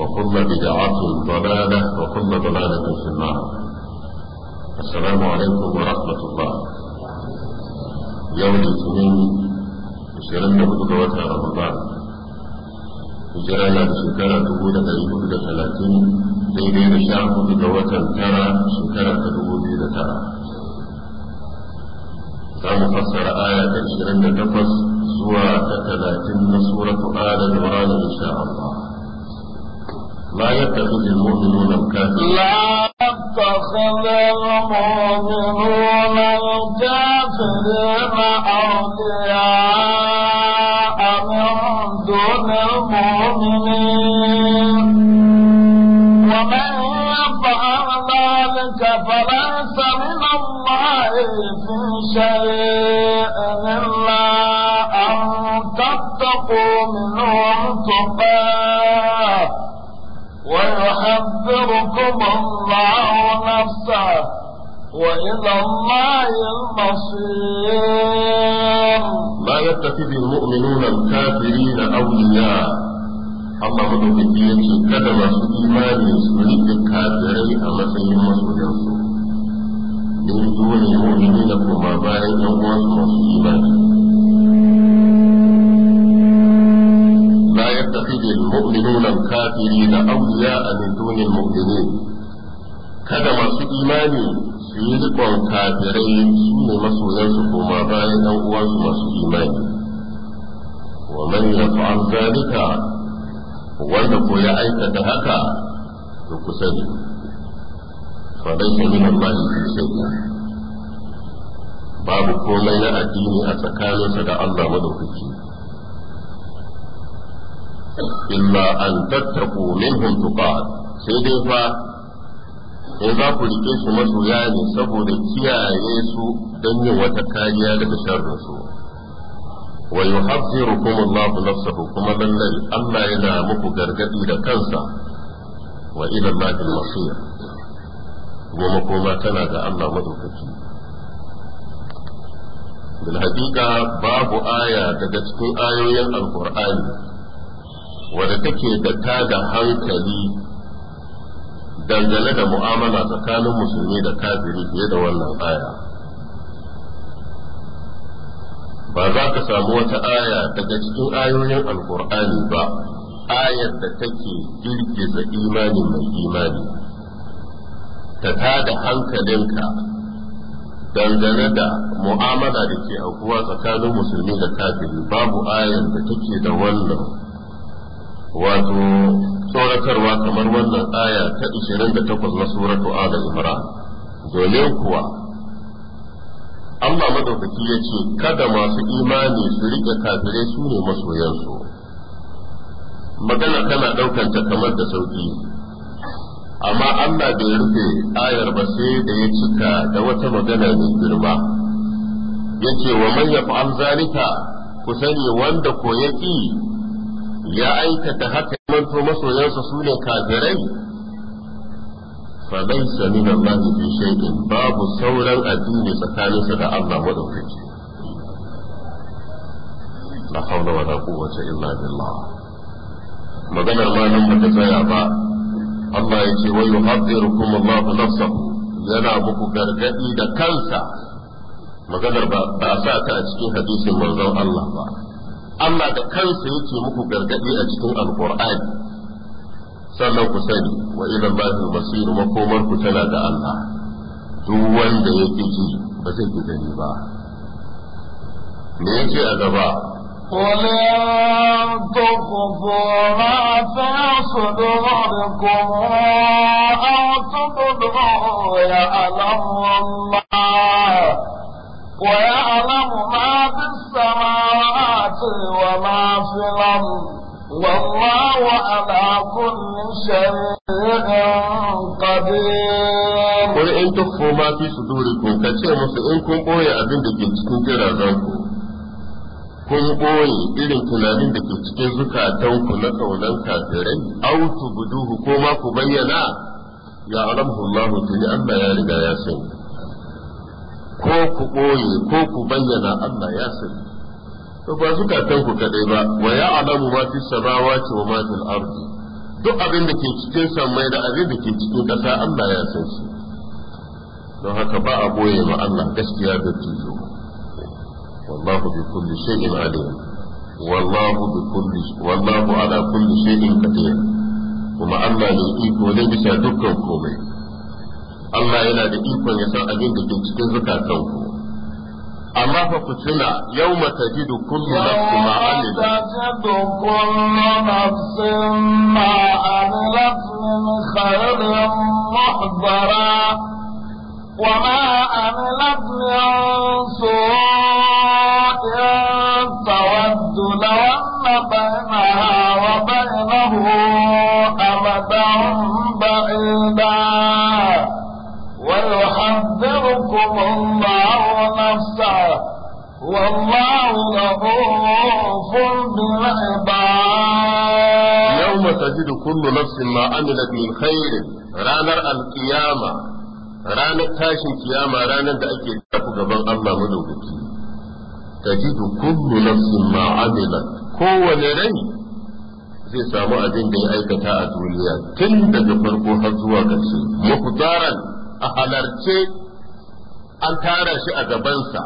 وكل بدعة ضلالة وكل ضلالة في النار السلام عليكم ورحمة الله يوم الاثنين وسيرنا بقدوة رمضان وجرالا بسكرة تقول تقول تقول ثلاثين بيدين الشعب بقدوة ترى سكرة تقول إذا ترى فهو فسر آية تشيرنا تقص سورة ثلاثين سورة آل عمران إن شاء الله لا يتخذ المؤمنون الكافرين لا يتخذ المؤمنون الكافرين أولياء يعذركم الله نفسه وإلى الله المصير ما يتخذ المؤمنون الكافرين أولياء Allah madaukaki ya ce kada masu imani su riƙe kafirai a matsayin masoyansu. Yanzu ne mu'mini na koma bayan ‘yan uwansu masu imani. يتخذون الكافرين أولياء من دون المؤمنين kada masu imani su yi rikon kafirai su ne masoyansu koma bayan ɗan uwansu masu imani wa man yaf'al zalika wanda ko ya aikata haka to ku sani fa laysa min Allah fi shay'in babu komai na addini a tsakaninsa da Allah madaukaki illa an tattaku minhum tuqat sai dai fa in za ku rike su masoya ne saboda kiyaye su don yin wata kariya daga sharrin su wa yuhadhdhirukum Allah nafsahu kuma lallai Allah yana muku gargadi da kansa wa ila Allah al-masir goma koma tana Allah babu aya daga cikin ayoyin alqur'ani wadda take da ta da hankali dangane da mu'amala tsakanin musulmi da kafiri fiye da wannan aya ba za ka samu wata aya daga cikin ayoyin alkur'ani ba ayar da take girgiza imani mai imani ta ta da hankalinka dangane da mu'amala da ke aukuwa tsakanin musulmi da kafiri babu ayar da take da wannan wato tsoratarwa kamar wannan aya ta 28 na suratu adal imran domin kuwa Allah madaukaki ya ce kada masu imani su riƙe kafirai su ne masoyansu magana tana ɗaukanta kamar da sauƙi. amma Allah bai rufe ayar ba sai da ya cika da wata magana mai girma ya ce wa man fa’an zalika ku sani wanda ko ya aikata haka manto masoyansa su ne kafirai fa laysa da Allah fi shay'in babu sauran addini tsakaninsa da Allah madaukaki la hawla wala quwwata illa billah maganar ma nan bata tsaya ba Allah ya ce wa yuhadirukum Allah nafsahu yana muku gargadi da kansa maganar ba a sa ta a cikin hadisin manzon Allah ba Allah da kansa yake muku gargadi a cikin alqur'ani sannan ku sani wa idan ba Allahi masiru makomar ku tana da Allah duk wanda ya ji ba zai ki gani ba me yake a gaba قل إن ما في صدوركم أو Wani in tuffo ma fi su duri ko ka ce musu in kun ɓoye abin da ke cikin kirazan ku, kun ɓoye irin tunanin da ke cikin zukatanku na kaunan kafirai, au su buduhu ko ma ku bayyana ya alamhu Allah tuni Allah ya riga ya sani. Ko ku ɓoye ko ku bayyana Allah ya sani. To ba zukatanku kaɗai ba, wa ya alamu ma fi samawa ce wa ma fil ardi. duk abin da ke cikin samai da abin da ke cikin ƙasa Allah ya san shi don haka ba a boye ma Allah gaskiya da tuzo wallahu bi kulli shay'in alim wallahu bi kulli wallahu ala kulli shay'in qadir kuma Allah ne iko ne bisa dukkan komai Allah yana da ikon ya san abin da ke cikin zakatanku أما فقتنا يوم تجد كل نفس ما عملت يوم تجد كل نفس ما عملت من خير محضرا وما عملت من سوء تود لو أن بينها وبينه أبدا بعيدا ويحذركم الله نفسه والله رؤوف بالعباد يوم تجد كل نفس ما عملت من خير ranar alkiyama ranar tashin kiyama ranar da ake tafi gaban Allah madaukaki tajidu kullu nafsin ma amilat kowane rai zai samu abin da ya aikata a duniya tun daga farko har zuwa ƙarshe mufdaran a halarce an tara shi a gabansa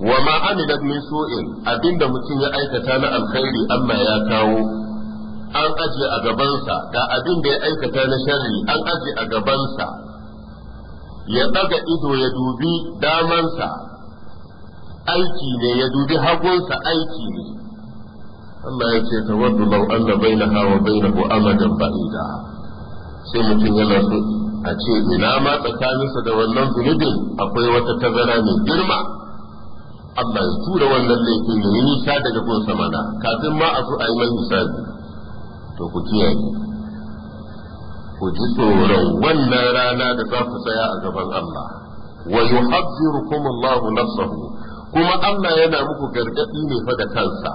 wa ma amilat min su'in abinda mutum ya aikata na alkhairi Amma ya kawo an aje a gabansa ga abinda da ya aikata na sharri an aje a gabansa ya daga ido ya dubi damansa aiki ne ya dubi hagunsa aiki ne Allah ya ce tawaddu law anna bainaha wa bainahu amadan ba'ida sai mutum yana so a ce ina ma tsakaninsa da wannan zunubin akwai wata tazara mai girma Allah ya tura wannan laifin ya yi nisa daga sama mana kafin ma a so a yi mai misali to ku kiyaye ku ji tsoron wannan rana da za ku tsaya a gaban Allah wa yuhaddirukum Allah nafsuhu kuma Allah yana muku gargadi ne fa da kansa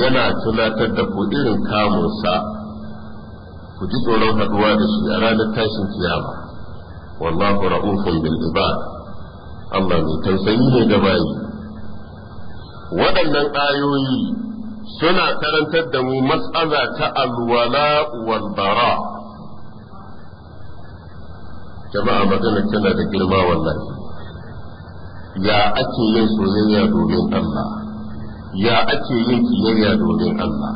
yana tunatar da ku irin kamunsa ku ji tsoron haduwa da shi a ranar tashin kiyama wallahu ra'ufun bil ibad Allah mai tausayi ne ga bayi waɗannan ayoyi suna karantar da mu matsala ta alwala wal bara jama'a magana tana da girma wannan ya ake yin soyayya domin Allah ya ake yin kiyayya domin Allah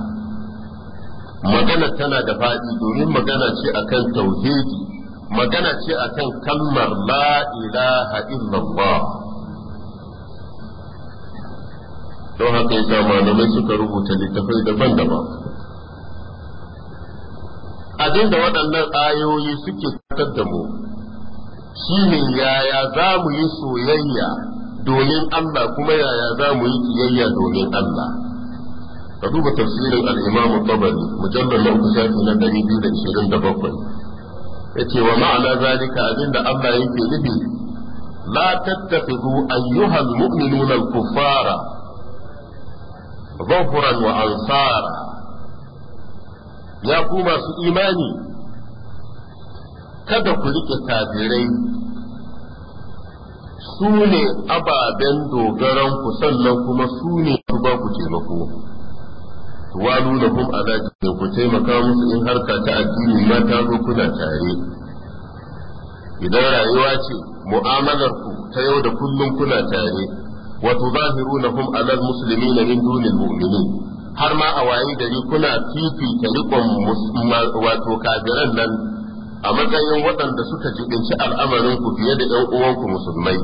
magana tana da faɗi domin magana ce akan tauhidi magana ce akan kalmar la ilaha illallah don haka yasa malamai suka rubuta littafai daban-daban da waɗannan ayoyi suke tattar da mu ne yaya za mu yi soyayya domin Allah kuma yaya za mu yi kiyayya domin Allah ka duba tafsirin al’imamu imam Tabari mujallal na uku shafi na 227 yace wa ma'ana zalika abinda Allah yake nufi la tattakhidhu ayyuhal mu'minuna al-kuffara wa وأنصارا ya ku masu imani kada ku riƙe kafirai su ne ababen dogaranku sannan kuma su ne ku ba ku taimako walu da kuma adaki da ku taimaka musu in harka ta addini ma ta zo kuna tare idan rayuwa ce mu'amalar ku ta yau da kullum kuna tare wa tuzahirunakum ala almuslimin min dunil mu'minin har ma a waye gari kuna fifita rikon wato kafiran nan a matsayin waɗanda suka jibinci al'amarin ku fiye da ƴan uwanku musulmai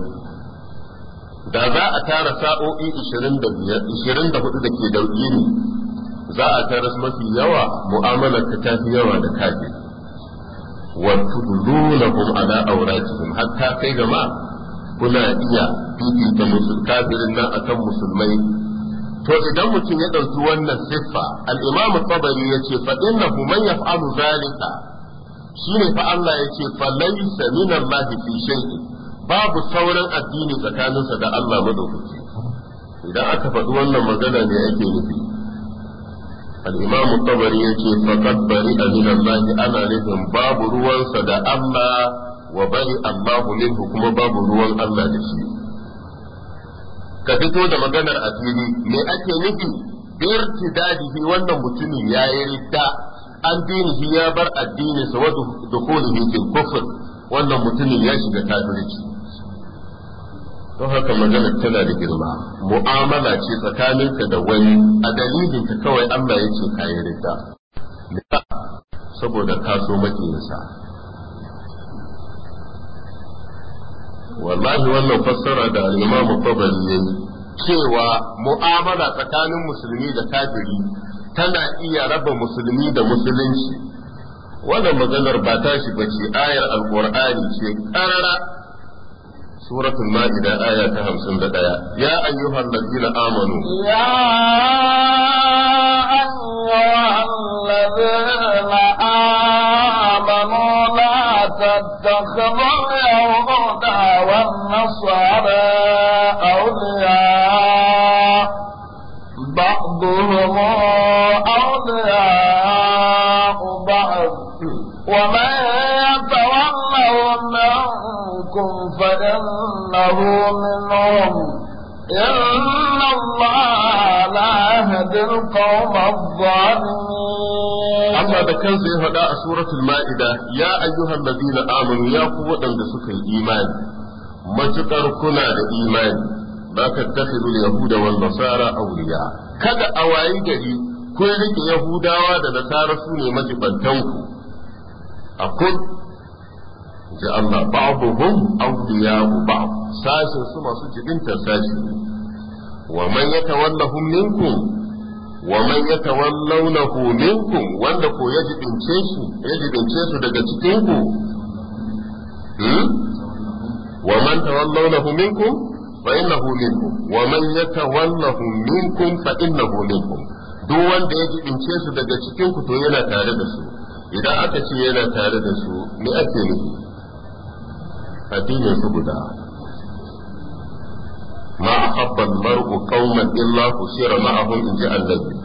da za a tara sa'o'i 24 da ke dauki ne za a taras mafi yawa mu'amalar ta tafi yawa da kafin wa tudlunahum ala awratihim hatta kai gama kuna iya fifita musul kafirin nan akan musulmai to idan mutum ya ɗauki wannan siffa al-imam tabari yace fa innahu man yaf'alu zalika shine fa Allah yace fa laysa min Allah fi babu sauran addini tsakaninsa da Allah madaukaki idan aka faɗi wannan magana ne ake nufi الإمام الطبري يجي فقد برئ من الله أنا لهم باب روان صدى أما وبرئ الله منه كما باب روان الله لشي كفتو دا مغانا أتيني مي أكي نفي بارتداده وانا متني يا يردا an dinihi ya bar addini sa wa dukhulihi fil kufr wannan mutumin ya shiga kafirci don haka magana tana da girma mu'amala ce tsakaninka da wani a dalilin ka kawai Allah ya ce ka yi saboda ka so makiyinsa wallahi wannan fassara da al-Imam Tabari yayi cewa mu'amala tsakanin musulmi da kafiri tana iya raba musulmi da musulunci wannan maganar ba ta shi bace ayar ce karara سورة المائدة آية همسن دقيا يا أيها الذين آمنوا يا أيها الذين آمنوا لا تتخذوا اليهود والنصارى أولياء بعضهم تقبله منهم إن الله لا يهدي القوم da kansa ya faɗa a suratul ma'ida ya ayyuhal ladina na ya ku waɗanda suka yi imani matuƙar kuna da imani ba ka takhidul yahuda wal nasara awliya kada a wayi gari kun rike yahudawa da nasara su ne majibantanku a ja'alna ba'dhum ya ba'd Sashen su masu jibinta sashi wa man yatawallahum minkum wa man yatawallawnahu minkum wanda ko ya jibince su ya jibince su daga cikin ku hmm? wa man tawallawnahu minkum fa innahu minkum wa man yatawallahu minkum fa innahu minkum duk wanda ya jibince su daga cikin ku to yana tare da su idan aka ce yana tare da su me ake nufi addinin su guda ma ahabba mar'u qauman illa kusira ma'ahum inji annabi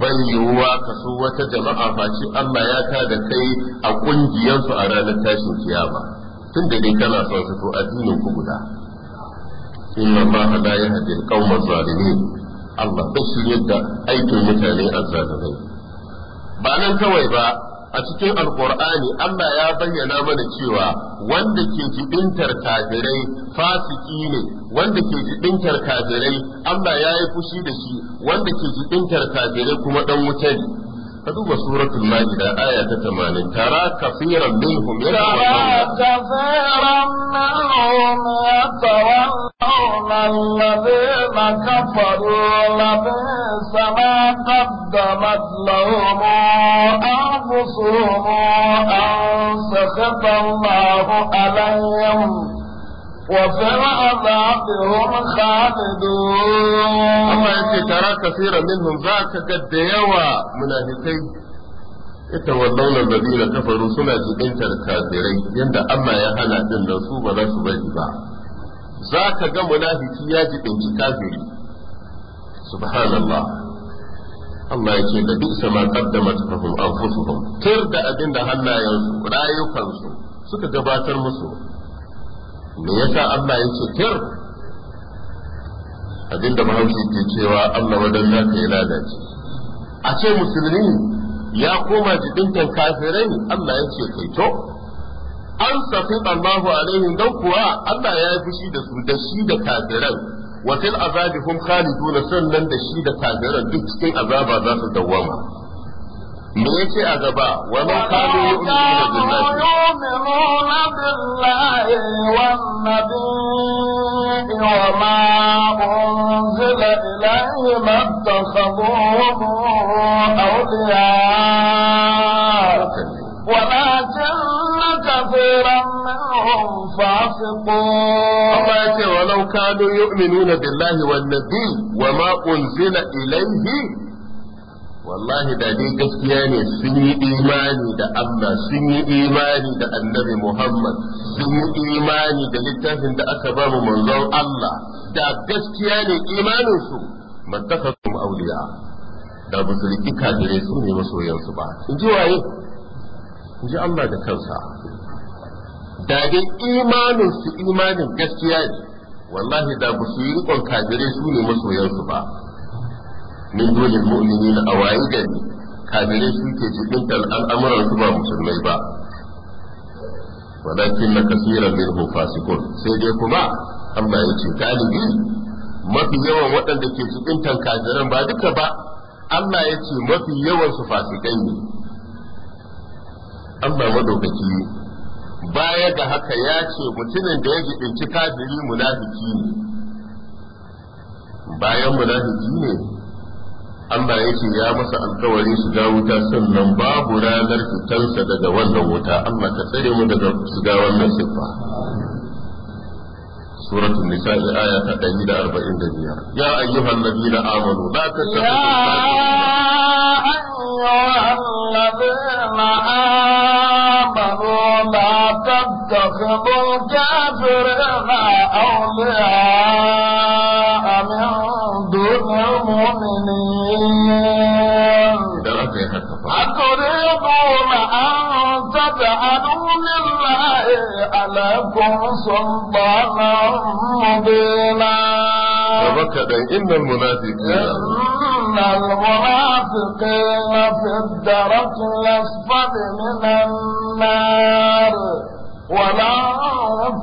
ban yiwuwa ka so wata jama'a face Allah ya ta da kai a kungiyarsu a ranar tashin kiyama tun da dai kana son su to addinin ku guda inna ma la yahdi al-qawma zalimin Allah bai shirye da aikin mutane azzalimai ba nan kawai ba a cikin alkur'ani Allah ya bayyana mana cewa wanda ke jibintar kafirai fasiki ne wanda ke jibintar kafirai Allah ya yi fushi da shi wanda ke jibintar kafirai kuma dan wuta ne سورة الماجدة آية 8 ترى كثيرا منهم ترى كثيرا منهم يتولون الذين كفروا لبئس ما قدمت لهم أنفسهم أن سخط الله عليهم وفي العذاب هم خالدون الله يكي ترى كثيرا منهم ذاك قد يوى منافقين يتولون الذين كفروا سنة جبين الكافرين يند أما يهنا جن نصوب نصوب إبا ذاك قد منافقين يجبين كافرين سبحان الله Allah ya ce da duk sama kaddamat lahum anfusuhum tir da abin da hannayensu rayukansu suka gabatar musu me yasa Allah yake tir abinda mahaushi ke cewa Allah wadan naka yi lalace a ce musulmi ya koma jibintan kafirai Allah ya ce kai to an safi Allahu alaihim dan kuwa Allah ya yi fushi da su da shi da kafirai wa til azabihum khalidun sannan da shi da kafirai duk cikin azaba za su dawwama me yace a gaba wa man qalu yu'minuna billahi wan nabiy wa ma unzila ilayhi mattakhabuhum awliya ولكن كثيرا منهم فاسقون ولو كانوا يؤمنون بالله والنبي وما أنزل إليه wallahi da dai gaskiya ne sun yi imani da Allah sun yi imani da annabi Muhammad sun yi imani da littafin da aka ba mu manzon Allah da gaskiya ne imaninsu mattakatum auliya da ba su riƙi kafire su ne masoyansu ba in ji waye in ji Allah da kansa da dai imaninsu imanin gaskiya ne wallahi da ba su yi riƙon kafire su ne masoyansu ba من دون المؤمنين أوائدا kafirai suke cikin al'amuran su ba musulmai ba walakin na kasiran minhum fasikun sai dai kuma Allah ya ce galibi mafi yawan waɗanda ke cikin tankajiran ba duka ba Allah ya ce mafi yawan fasikai ne baya ga haka ya ce mutumin da ya jibinci kafiri munafiki ne bayan munafiki ne Allah ce ya masa alkawari shiga wuta sannan babu ranar fitansa daga wannan wuta Allah ka tsare mu daga shiga wannan siffa سورة النساء آية 145 يا أيها الذين آمنوا لا تتخذوا يا أيها الذين آمنوا لا تتخذوا الكافرين أولياء لكم سلطانا مبينا وبكدين إن المنافقين إن المنافقين في الدرك الأسفل من النار ولا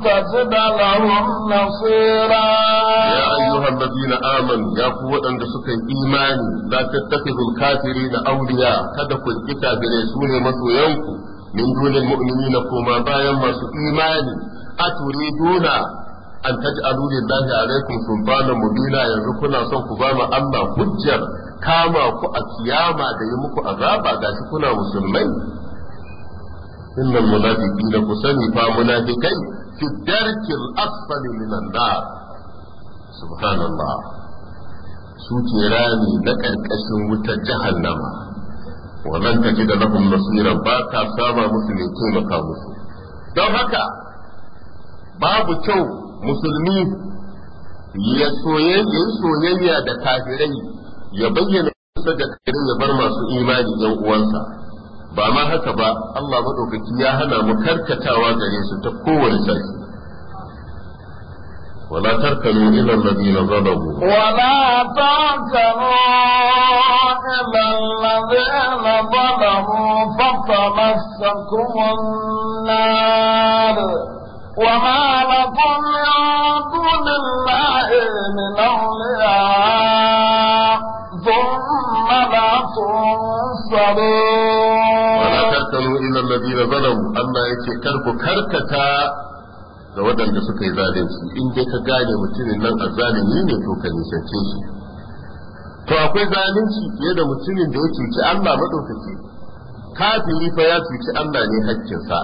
تجد لهم نصيرا يا أيها الذين آمنوا يا قوة أن تسكي إيماني لا تتخذوا الكافرين أولياء كدكوا الكتاب رسول مسوينكم min dunil na koma bayan masu imani aturiduna an taj'alu lillahi alaikum sulbana mubina yanzu kuna son ku ba mu Allah hujjar kama ku a kiyama da yi muku azaba gashi kuna musulmai innal munafiqina kusani fa munafiqai fi darkil asfali minan nar subhanallah su ke rami na ƙarƙashin wutar jahannama wannan ka ji da lahum nasira ba ka saba musu ne taimaka musu don haka babu kyau musulmi ya soyayya soyayya da kafirai ya bayyana kusa da kafirai ya bar masu imani yan uwansa ba ma haka ba Allah madaukaki ya hana mu karkatawa gare su ta kowane sashi ولا تركنوا إلى الذين ظلموا ولا تركنوا إلى الذين ظلموا فتمسكم النار وما لكم يا دون الله من أولياء ثم لا تنصرون ولا تركنوا إلى الذين ظلموا أما يتكرك كركة ga waɗanda suka yi zalunci in dai ka gane mutumin nan a azzalimi ne to ka nisance shi to akwai zalunci fiye da mutumin da ya cuci Allah madaukaki kafiri fa ya cuci Allah ne hakkinsa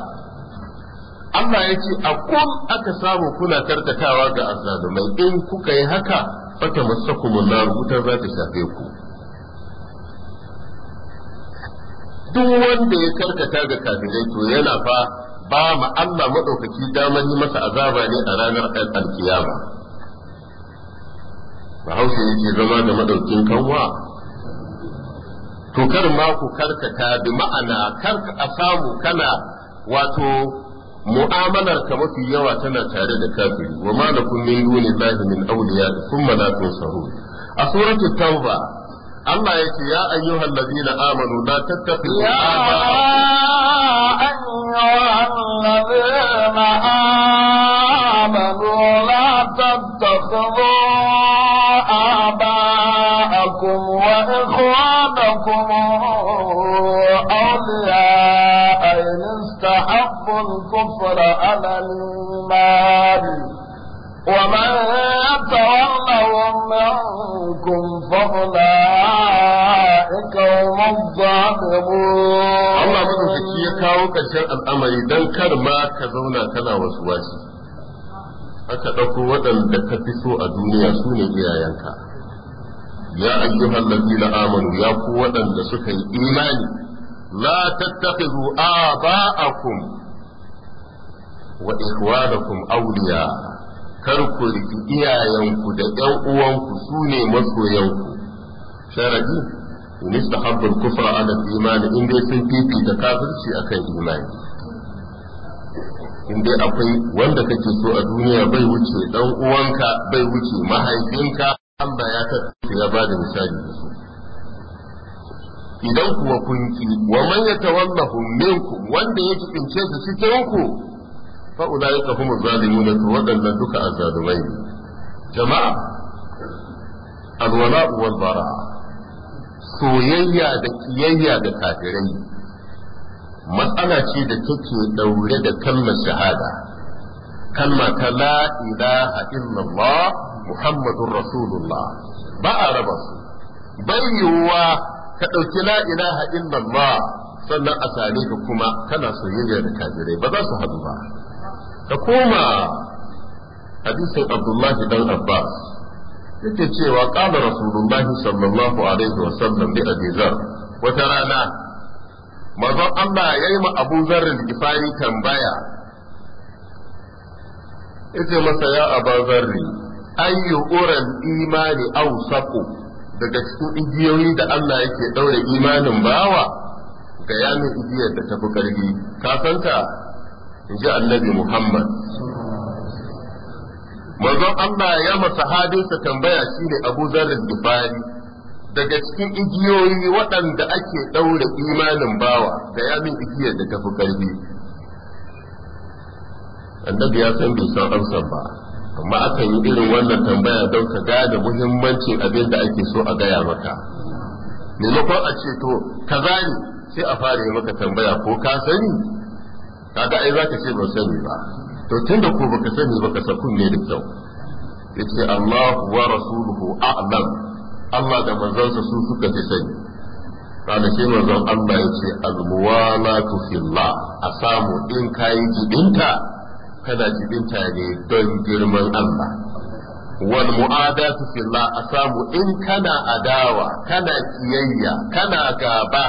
Allah ya ce a kun aka samu kuna karkatawa ga azzalumai in kuka yi haka fata masakumun na rubutar za ta shafe ku duk wanda ya karkata ga kafirai to yana fa ba ma Allah maɗaukaki damar yi masa azaba ne a ranar alkiyama bahaushe yake zama da maɗaukin kanwa to kar ma ku karkata bi ma'ana kar a samu kana wato mu'amalar ka mafi yawa tana tare da kafiri wa ma lakum min dunillahi min awliya thumma la saru a suratul tauba Allah ya ce ya ayyuhal ladina amanu la tattaqiu أولياء إن استحبوا الكفر على الإيمان ومن يتولهم منكم فأولئك هم الظالمون الله مدوكي ya kawo ƙarshen al'amari don kar ma ka zauna kana wasu wasi aka ɗauko waɗanda ka fi so a duniya su ne iyayenka ya ayyuhal ladina amanu ya ku waɗanda suka yi imani la tattakhidhu aba'akum wa ikhwanakum awliya kar ku riki iyayenku da ƴan uwanku su ne masoyanku sharadi in istahabbu al-kufra ala al in dai sun fifita kafirci akan imani in dai akwai wanda kake so a duniya bai wuce dan uwanka bai wuce mahaifinka Allah ya tattace ya bada misali da su idan kuma kun ki wa man yatawallahu minkum wanda ya kibince su cikin ku fa mu humuz zalimun to wadannan duka azzalumai ne jama'a alwala wal bara soyayya da kiyayya da kafirai matsala ce da take daure da kalmar shahada kalmar ta la ilaha illallah muhammadun rasulullah ba a raba su bai yiwuwa ka ɗauki la ilaha illallah sannan a sare ka kuma kana soyayya da kafirai ba za su haɗu ba ka koma hadisin abdullahi dan abbas yake cewa ƙala rasulullahi sallallahu alaihi wa sallam wata rana mazan Allah ya yi ma abu zarrin gifari tambaya yace masa ya aba zarri ayyu uran imani awsaqu daga cikin igiyoyi da Allah yake daure imanin bawa ga yamin igiyar da tafi karfi ka santa in ji annabi Muhammad manzon Allah ya masa hadinsa tambaya shine Abu Zarrin Dubari daga cikin igiyoyi waɗanda ake daure imanin bawa ga yamin igiyar da tafi karfi annabi ya san bai san amsar ba amma aka yi irin wannan tambaya don ka gane muhimmancin abin da ake so a gaya maka maimakon a ce to ka zani sai a fara yi maka tambaya ko ka sani kaga ai zaka ce ban sani ba to tunda ko baka sani baka sa kunne da kyau yace Allah wa rasuluhu a'lam Allah da manzansa su suka ji sani kana sai manzon Allah yace al-muwalatu fillah a samu in kayi jibinta kana jibinta ne don girman Allah wal mu'adatu fillah a samu in kana adawa kana kiyayya kana gaba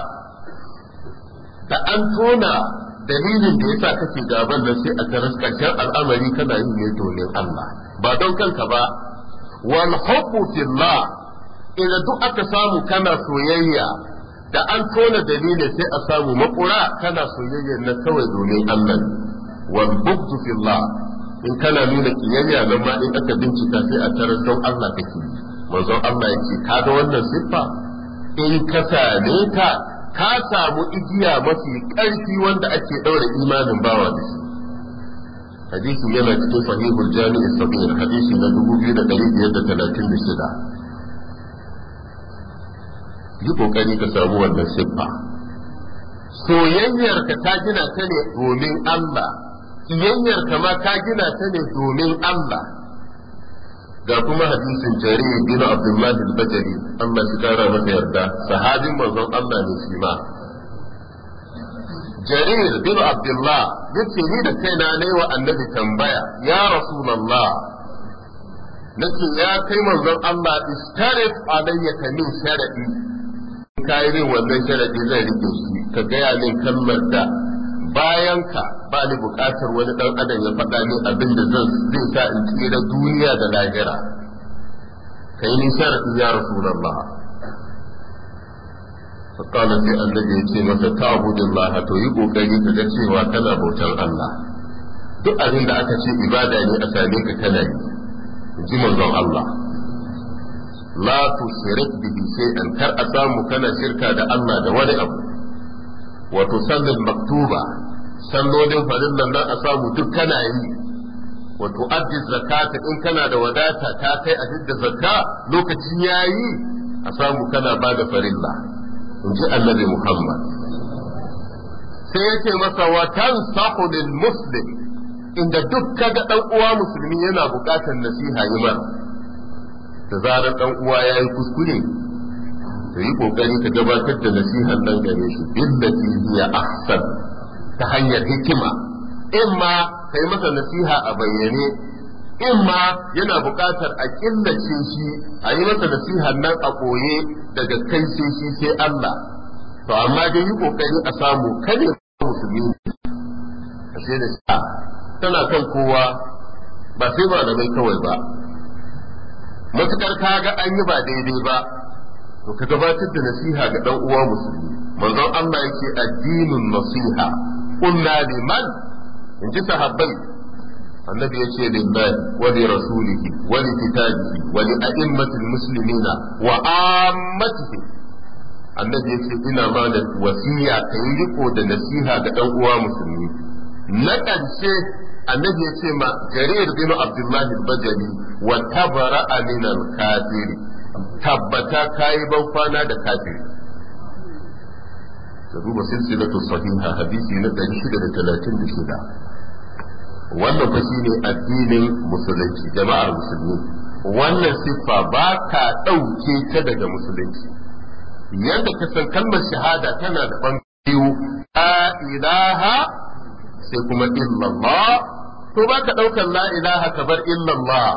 da an tona dalilin da yasa kake gaban nan sai a taras karshen al'amari kana yin ne domin Allah ba don kanka ba wal hubbu fillah idan duk aka samu kana soyayya da an tona dalilin sai a samu makura kana soyayya na kawai domin Allah wal bughdhu fillah in kana nuna kiyayya nan ma in aka bincika sai a tarar don Allah kake manzon Allah yake kaga wannan siffa in ka same ta ka samu igiya mafi ƙarfi wanda ake ɗaura imanin bawa da shi hadisin yana cikin sahihul jami'i sabir hadisi na dubu da da da talatin shida. yi kokari ka samu wannan siffa soyayyarka ta gina ta ne domin Allah kiyayyar kama ta gina ta ne domin Allah ga kuma hadisin jari bin Abdullahi al-Bajali Allah shi kara maka yarda sahabin manzon Allah ne shi ma jarir bin abdullah yace ni da kaina ne wa annabi tambaya ya rasulullah nace ya kai manzon Allah istarif alayya kamin sharadi kai ne wannan sharadi zai rike shi ka gaya min kalmar da bayan ka ba ni bukatar wani dan adam ya faɗa min abin da zan zai sa in tsira duniya da lahira kai ni sharafi ya rasulullah sai في الذي يتي masa تعبد to yi kokari ka ga cewa kana bautar Allah duk abin da aka ce ibada ne a same ka kana yi ji manzon Allah la tushrik bihi shay'an kar a samu kana shirka da Allah da wani abu wato sallin maktuba sallolin farin nan a samu duk kana yi wato addi zakata in kana da wadata ta kai a da zakka lokacin yayi a samu kana ba da farilla in ji annabi muhammad sai yake masa wa tansahu muslim inda duk kaga dan uwa musulmi yana bukatar nasiha yi da zarar dan uwa yayi kuskure ka yi kokari ka gabatar da nasihan nan gare shi billati hiya ahsan ta hanyar hikima imma ka yi masa nasiha a bayyane In ma yana buƙatar a killace shi a yi masa nasiha nan a koye daga kai sai shi sai Allah to amma dai yi kokari a samu kare musulmi ashe da sha tana kan kowa ba sai ba da mai kawai ba matukar kaga an yi ba daidai ba to ka gabatar da nasiha ga dan uwa musulmi manzon Allah yake addinin nasiha qulna liman in ji sahabbai annabi yace lillahi wa li rasulihi wa li kitabihi wa li a'immatil muslimina wa ammatihi annabi yace ina ma da wasiya kai riko da nasiha ga dan uwa musulmi na ƙarshe annabi ce ma jarir bin abdullahi al-bajali wa tabara'a min al-kafiri tabbata kayi ban kwana da kafiri da duba sahih sahiha hadisi na 636 wannan fa shine addinin musulunci jama'ar musulmi wannan siffa ba ka ɗauke ta daga musulunci yadda ka san kalmar shahada tana da ɓangare la ilaha sai kuma illallah to ba ka ɗaukar la ilaha ka bar illallah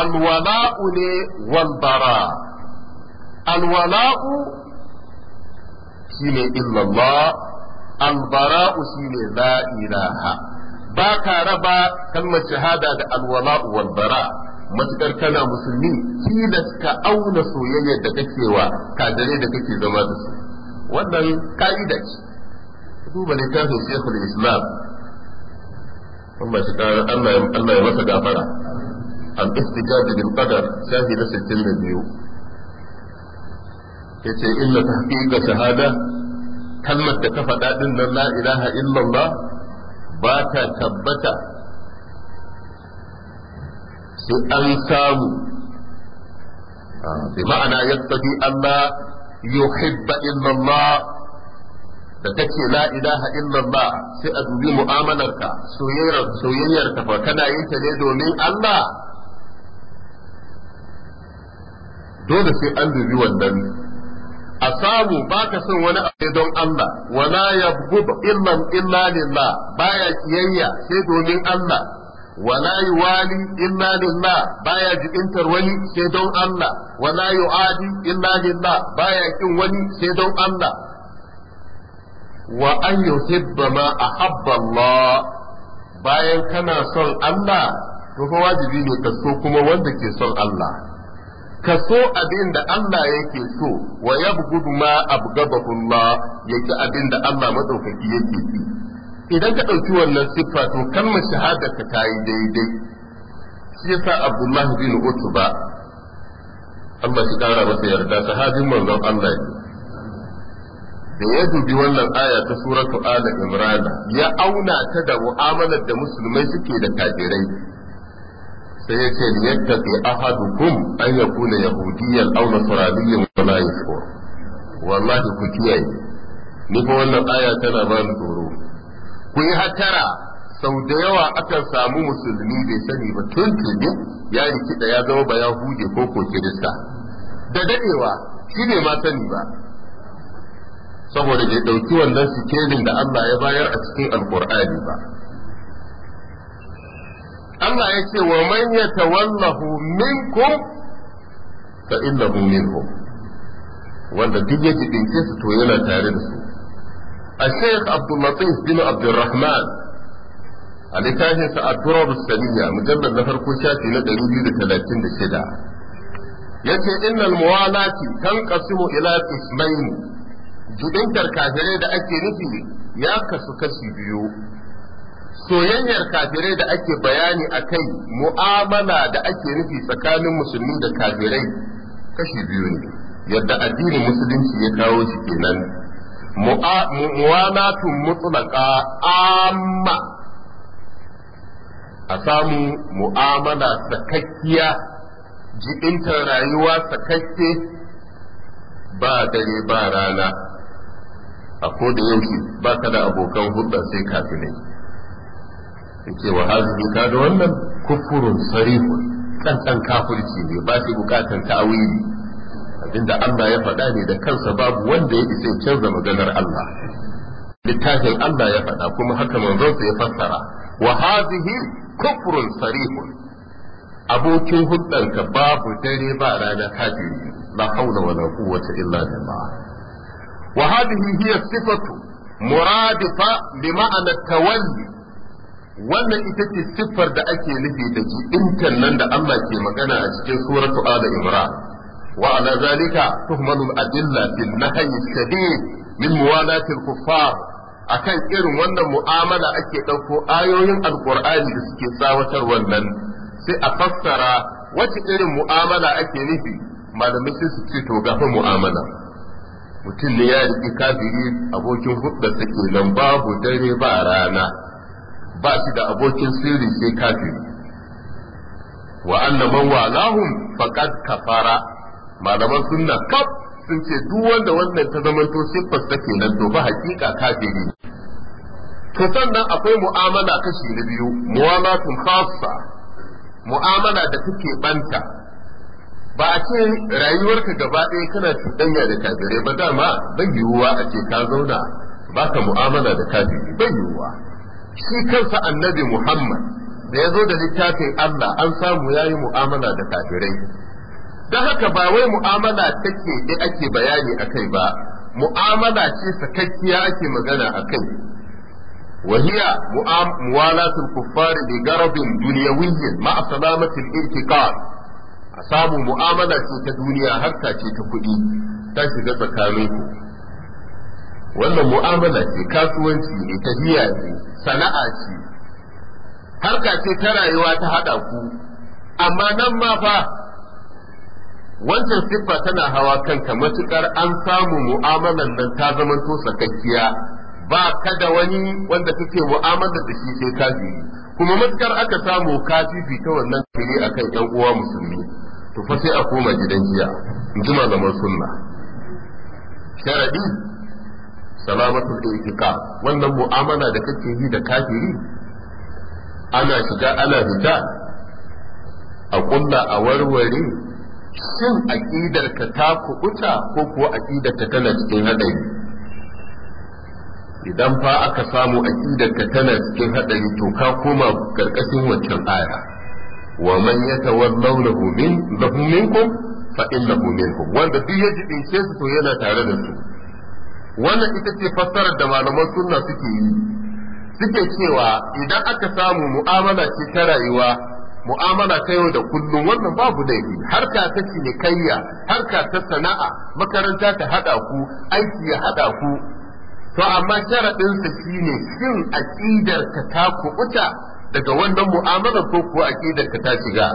alwala'u ne walbara alwala'u shine illallah albara'u shine la ilaha ba ka raba kalmar shahada da alwala'u walbara' matukar kana musulmi tilas ka auna soyayyar da kake wa kadare da kake zama da su wannan ka'ida ce duba littafin shekul islam Allah ya masa gafara الاستجابة بالقدر شاهد ستين ديو يتي إلا تحقيق شهادة كلمة تكفت أن لا إله إلا الله باتا تبتا سؤال سام بمعنى يقتدي أن يحب إلا الله تتكي لا إله إلا الله سأدو بمؤاملك سويرك سويرك فكنا يتجدوا لي الله dole sai an dubi wannan a samu baka son wani abu don Allah wala yabghub illa illa lillah baya kiyayya sai domin Allah wala yuwali illa lillah baya jibintar wani sai don Allah wala yuadi illa lillah baya kin wani sai don Allah wa an yuhibba ma ahabba Allah bayan kana son Allah to fa wajibi ne ka so kuma wanda ke son Allah ka so abin da Allah yake so wa yabghud ma abghadahu Allah yake abin da Allah madaukaki yake yi idan ka dauki wannan siffa to kalmar shahada ka tayi daidai shi yasa Abdullah bin Utba Allah shi kara masa yarda sahabin manzon Allah da ya dubi wannan aya ta suratul ala Imran ya auna ta da mu'amalar da musulmai suke da kafirai sai ya ce fi ahadukum an yakuna yahudiyyan aw nasraniyyan wa la yashur wallahi ku kiyaye ni fa wannan aya tana ba ni tsoro ku yi hatara sau da yawa akan samu musulmi bai sani ba tuni ya yi kiɗa ya zama ba yahudi ko ko kirista da dadewa shi ne ma sani ba saboda bai ɗauki wannan sikelin da Allah ya bayar a cikin alkur'ani ba Allah ya ce wa man yatawallahu minkum fa innahu minhum wanda duk ya jibince su to yana tare da su a Sheikh Abdul Latif bin Abdurrahman a littafin sa At-Turab Saniya mujallal na farko shafi na 236 yace innal muwalati tanqasimu ila qismayn jibintar kafirai da ake nufi ya kasu kashi biyu soyayyar kafirai da ake bayani a kai mu'amala da ake nufi tsakanin musulmi da kafirai kashi biyu ne yadda addinin musulunci ya kawo shi kenan muwanatun mutlaka amma a samu mu'amala sakakkiya jiɗintar rayuwa sakakke ba dare ba rana a ko da yaushe ba ka da abokan hulɗa sai kafirai yake wa ka da wannan kufurun kan tsantsan kafirci ne ba shi bukatar ta'awili abinda Allah ya faɗa ne da kansa babu wanda ya isa canza maganar Allah littafin Allah ya faɗa kuma haka manzonsa ya fassara wa hazihi kufrun sarihun abokin huddanka babu dare ba rana kafi la haula wala quwwata illa billah wa hadhihi hiya sifatu muradifa bi tawalli wannan ita ce siffar da ake nufi da jiɗinkan nan da Allah ke magana a cikin suratu ala imran wa ala zalika tuhmalu al-adilla fil nahyi shadid min muwalati al-kuffar akan irin wannan mu'amala ake dauko ayoyin alqur'ani da suke tsawatar wannan sai a fassara wace irin mu'amala ake nufi malamai sai su ce to gafa mu'amala mutum ne ya riƙi kafiri abokin hudda take nan babu dare ba rana ba shi da abokin sirri sai kafiri wa anna man walahum faqad kafara malaman sunna kaf sun ce duk wanda wannan ta zamanto siffar ta kenan to ba hakika kafiri to sannan akwai mu'amala kashi na biyu mu'amalatun khassa mu'amala da take banta ba a ce rayuwarka gaba ɗaya kana cuɗanya da kafirai ba dama bai yiwuwa a ce ka zauna baka mu'amala da kafiri bai yiwuwa shi kansa annabi Muhammad da ya zo da littafin Allah an samu ya yi mu'amala da kafirai da haka ba wai mu'amala take da ake bayani a kai ba mu'amala ce sakakkiya ake magana a kai وهي موالاة الكفار بغرض دنيوي مع سلامة samu mu'amala ce ta duniya harka ce ta kuɗi ta shiga tsakaninku wannan mu'amala ce kasuwanci ne tafiya ce sana'a ce harka ce ta rayuwa ta haɗa ku amma nan ma fa wancan siffa tana hawa kanka matukar an samu mu'amalan nan ta zama zamanto sakakkiya ba ka da wani wanda kake mu'amala da shi sai kafiri kuma matukar aka samu kafifi ta wannan fili akan yan uwa musulmi to fa sai a koma gidan jiya in ji malaman sunna sharadi salamatul i'tiqad wannan mu'amala da kake yi da kafiri ana shiga ana fita a kulla a warware shin aqidar ka ta kubuta ko kuwa aqidar ka tana cikin hadari idan fa aka samu aqidar ka tana cikin hadari to ka koma karkashin wancan aya wa man yatawallahu min lahum minkum fa innahu minhum wanda duk ya jibince su to yana tare da su wannan ita ce fassarar da malaman sunna suke yi suke cewa idan aka samu mu'amala ce ta rayuwa mu'amala ta yau da kullum wannan babu laifi harka ta cinikayya harka ta sana'a makaranta ta haɗa ku aiki ya haɗa ku to amma su shine shin aƙidar ka ta kuɓuta daga wannan mu'amala ko kuwa aƙidar ka ta shiga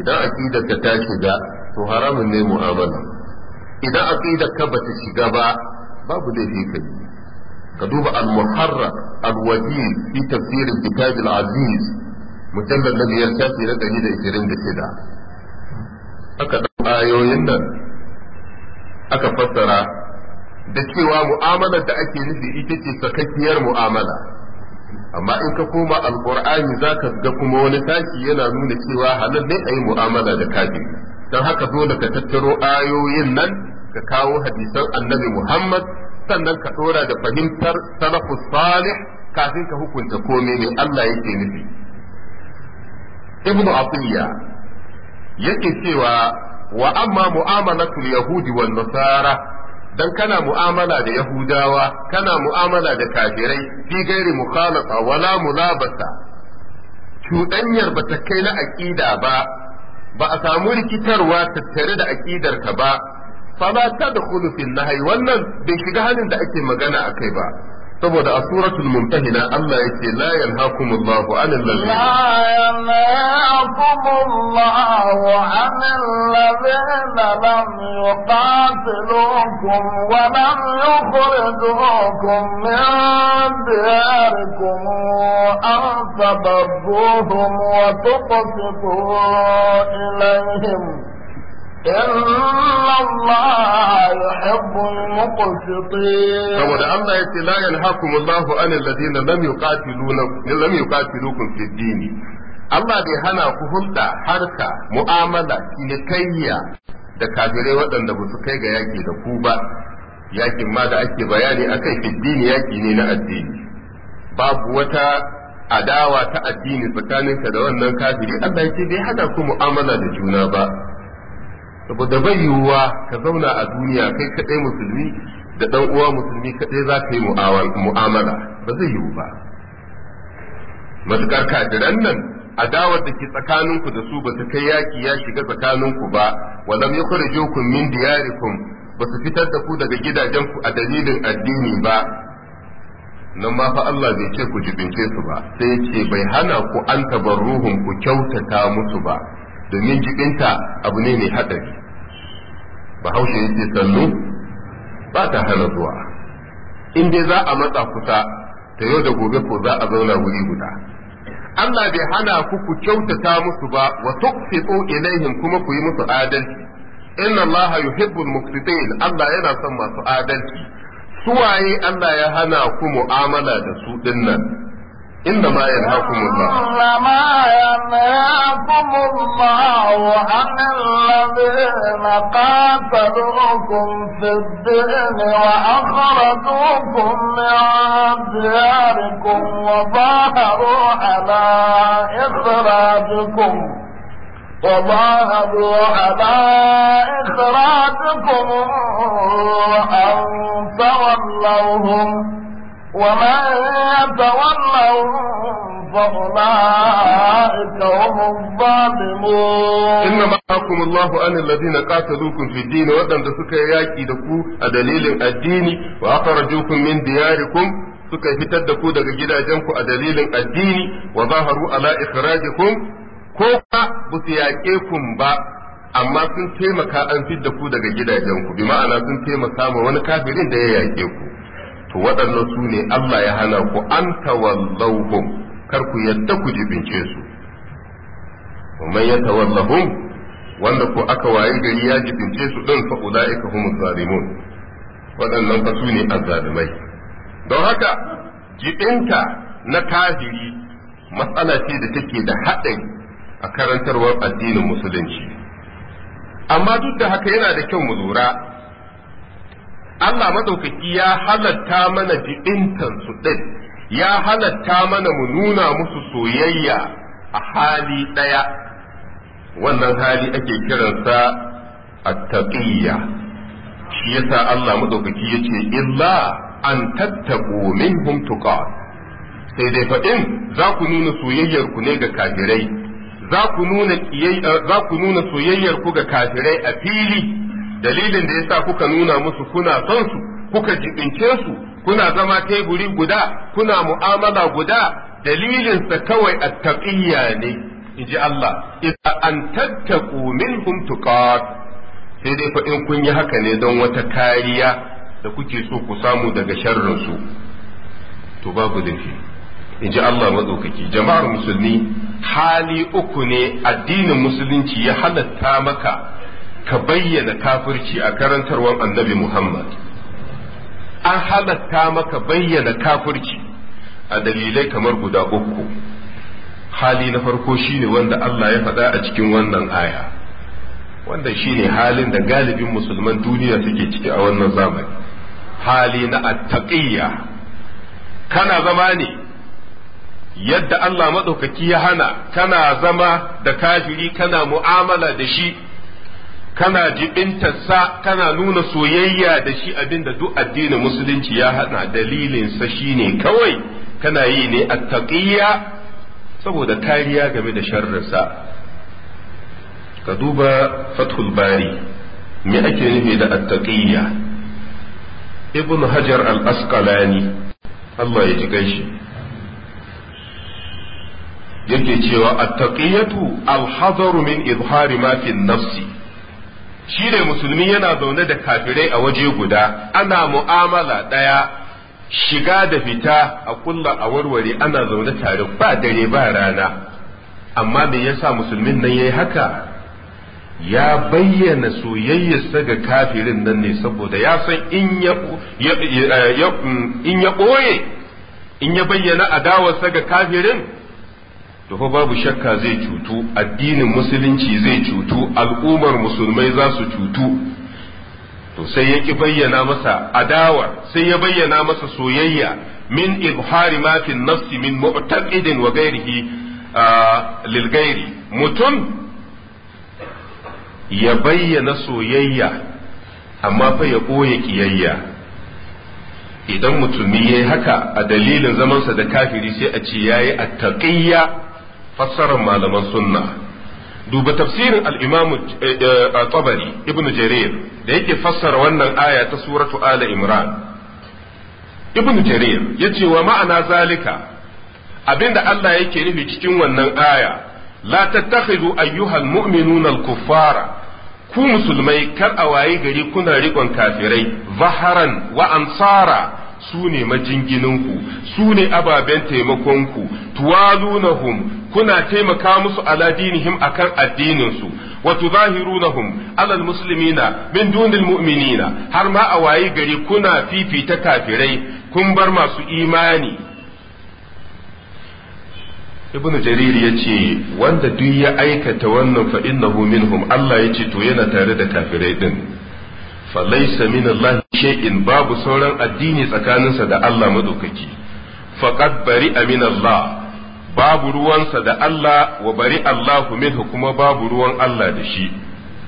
idan aƙidar ka ta shiga to haramun ne mu'amala idan aqidar ka bata shiga ba babu laifi kai ka duba al-muharrar al-wajil fi tafsir kitab al-aziz mujallad na biyar shafi na ɗari da ishirin da shida aka ɗan ayoyin nan aka fassara da cewa mu'amalar da ake nufi ita ce sakakiyar mu'amala amma in ka koma alkur'ani za ka ga kuma wani tashi yana nuna cewa halal ne a yi mu'amala da kafiri don haka dole ka tattaro ayoyin nan ka kawo hadisan annabi Muhammad sannan ka dora da fahimtar salafu salih kafin ka hukunta komai ne Allah yake nufi ibnu afiya yake cewa wa amma mu'amalatul yahudi wal nasara dan kana mu'amala da yahudawa kana mu'amala da kafirai fi gairi mukhalafa wala mulabasa cuɗanyar bata kai na aƙida ba ba a samu rikitarwa tattare da aƙidar ka ba fa ba ta da fil nahai wannan bai shiga halin da ake magana a kai ba saboda a suratul mumtahina Allah yake la yanhaakumullahu 'anil ladzina la yanhaakumullahu 'anil ladzina lam yuqatilukum wa lam yukhrijukum min diyarikum an tabadduhum wa tuqsitu ilayhim saboda Allah ya ce saboda Allah yace la yanhakumullahu anil ladina lam yuqatilunakum yuqatilukum fid Allah bai hana ku hulɗa harka mu'amala kaiya da kafirai waɗanda ba su kai ga yaƙi da ku ba yaƙin ma da ake bayani akai fiddini yaƙi ne na addini babu wata adawa ta addini tsakaninka da wannan kafiri Allah ce bai hana ku mu'amala da juna ba saboda bai yiwuwa ka zauna a duniya kai kaɗai musulmi da dan uwa musulmi kaɗai za ka yi mu'amala ba zai yiwu ba matuƙar kajiran nan adawar da ke tsakaninku da su ba ta kai yaki ya shiga tsakaninku ba walam yukhrijukum min diyarikum ba su fitar da ku daga gidajenku a dalilin addini ba nan ma fa Allah bai ce ku jibince su ba sai ce bai hana ku an ruhun ku kyautata musu ba domin jibinta abu ne mai haɗari bahaushe yake sannu ba ta hana zuwa in dai za a matsa kusa ta yau da gobe ko za a zauna wuri guda Allah bai hana ku ku kyautata musu ba wa tuqfitu ilaihim kuma ku yi musu adalci inna Allah yuhibbul muqsitin Allah yana son masu adalci Su waye Allah ya hana ku mu'amala da su dinnan إنما ينهاكم الله إنما ينهاكم الله عن الذين قاتلوكم في الدين وأخرجوكم من دياركم وظاهروا على إخراجكم وظاهروا على إخراجكم أن تولوهم ومن يتولهم فأولئك هم الظالمون إنما حكم الله أن الذين قاتلوكم في الدين ودن دسك ياكي دكو أدليل الدين وأخرجوكم من دياركم suka fitar da ku daga gidajenku a dalilin addini wa zaharu ala ikhrajikum ko ba yaƙe ba amma sun taimaka an fidda ku daga gidajenku bi ma'ana sun taimaka ma wani kafirin da ya yaƙe ku to waɗannan su ne Allah ya hana ku an tawallahum kar ku yadda ku jibince su ya يتولهم wanda ko aka waye gari ya jibince su din fa ulaika humu zalimun waɗannan fa su ne azzalimai don haka jibinta na kafiri matsala ce da take da haɗari a karantarwar addinin musulunci amma duk da haka yana da kyau mu lura Allah madaukaki ya halatta mana jiɗintan su ɗin ya halatta mana mu nuna musu soyayya a hali ɗaya wannan hali ake kiransa attaqiyya shi yasa Allah madaukaki yace illa an tattaku minhum tuqa sai dai faɗin za ku nuna soyayyarku ne ga kafirai za ku nuna soyayyar ga kafirai a fili dalilin da yasa kuka nuna musu kuna son su kuka jibince su kuna zama teburi guda kuna mu'amala guda dalilin sa kawai attaqiyya ne inji Allah idza an tattaqu minhum tuqat sai dai fa in kun yi haka ne don wata kariya da kuke so ku samu daga sharrin su to babu laifi inji Allah madaukaki jama'ar musulmi hali uku ne addinin musulunci ya halatta maka ka bayyana kafirci a karantarwar annabi Muhammad an halatta maka bayyana kafirci a dalilai kamar guda uku hali na farko shine wanda Allah ya faɗa a cikin wannan aya wanda shine halin da galibin musulman duniya suke ciki a wannan zamani hali na attaqiyya kana zama ne yadda Allah maɗaukaki ya hana kana zama da kafiri kana mu'amala da shi kana jibintarsa kana nuna soyayya da shi abinda duk addinin musulunci ya hana dalilinsa shine kawai kana yi ne attaqiyya saboda kariya game da sharrinsa ka duba fathul bari me ake nufi da attaqiyya ibn hajar al-asqalani Allah ya ji gaishe yake cewa attaqiyatu al-hadaru min izhari ma fi nafsi shi ne musulmi yana zaune da kafirai a waje guda ana mu'amala ɗaya shiga da fita a kulla a warware ana zaune tare ba dare ba rana amma me yasa musulmin nan yayi haka ya bayyana soyayyarsa ga kafirin nan ne saboda ya san in ya mm, in ya ɓoye in ya bayyana adawarsa ga kafirin to fa babu shakka zai cutu addinin musulunci zai cutu al'ummar musulmai za su cutu to sai ya bayyana masa adawar sai ya bayyana masa soyayya min ibhari ma fi nafsi min mu'taqidin wa ghairihi lil ghairi mutum ya bayyana soyayya amma fa ya koya kiyayya idan mutum yayi haka a dalilin zamansa da kafiri sai a ce yayi attaqiyya fassarar malaman sunna duba tafsirin al-imam eh, eh, tabari ibnu jarir da yake fassara wannan aya ta suratu ala imran ibnu jarir yace wa ma'ana zalika abinda Allah yake nufi cikin wannan aya la tattakhidu ayyuhal mu'minuna al-kuffara ku musulmai kar a wayi gari kuna riƙon kafirai zaharan wa ansara su ne majinginin su ne ababen taimakon ku tuwalunahum kuna taimaka musu ala dinihim akan addininsu su wa tudahirunahum alal muslimina min dunil mu'minina har ma a waye gari kuna fifita kafirai kun bar masu imani ibn jarir ya ce wanda duk ya aikata wannan fa innahu minhum Allah ya ce to yana tare da kafirai din falaisa min Allah shay'in babu sauran addini tsakaninsa da Allah madaukaki faqad bari min babu ruwansa da Allah wa bari Allahu minhu kuma babu ruwan Allah da shi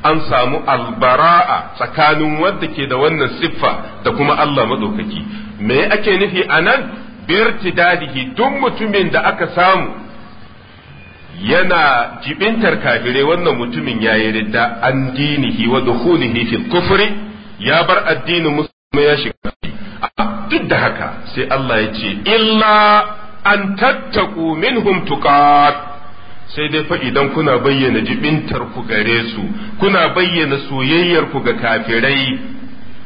an samu albara'a tsakanin wanda ke da wannan siffa da kuma Allah madaukaki me ake nufi a anan birtidadihi duk mutumin da aka samu yana jibintar kafirai wannan mutumin yayi ridda an dinihi wa dukhulihi fil kufri ya bar addinin musulmi ya shiga duk da haka sai Allah ya ce illa an tattaku minhum tuqat sai dai fa idan kuna bayyana jibintar ku gare su kuna bayyana soyayyar ku ga kafirai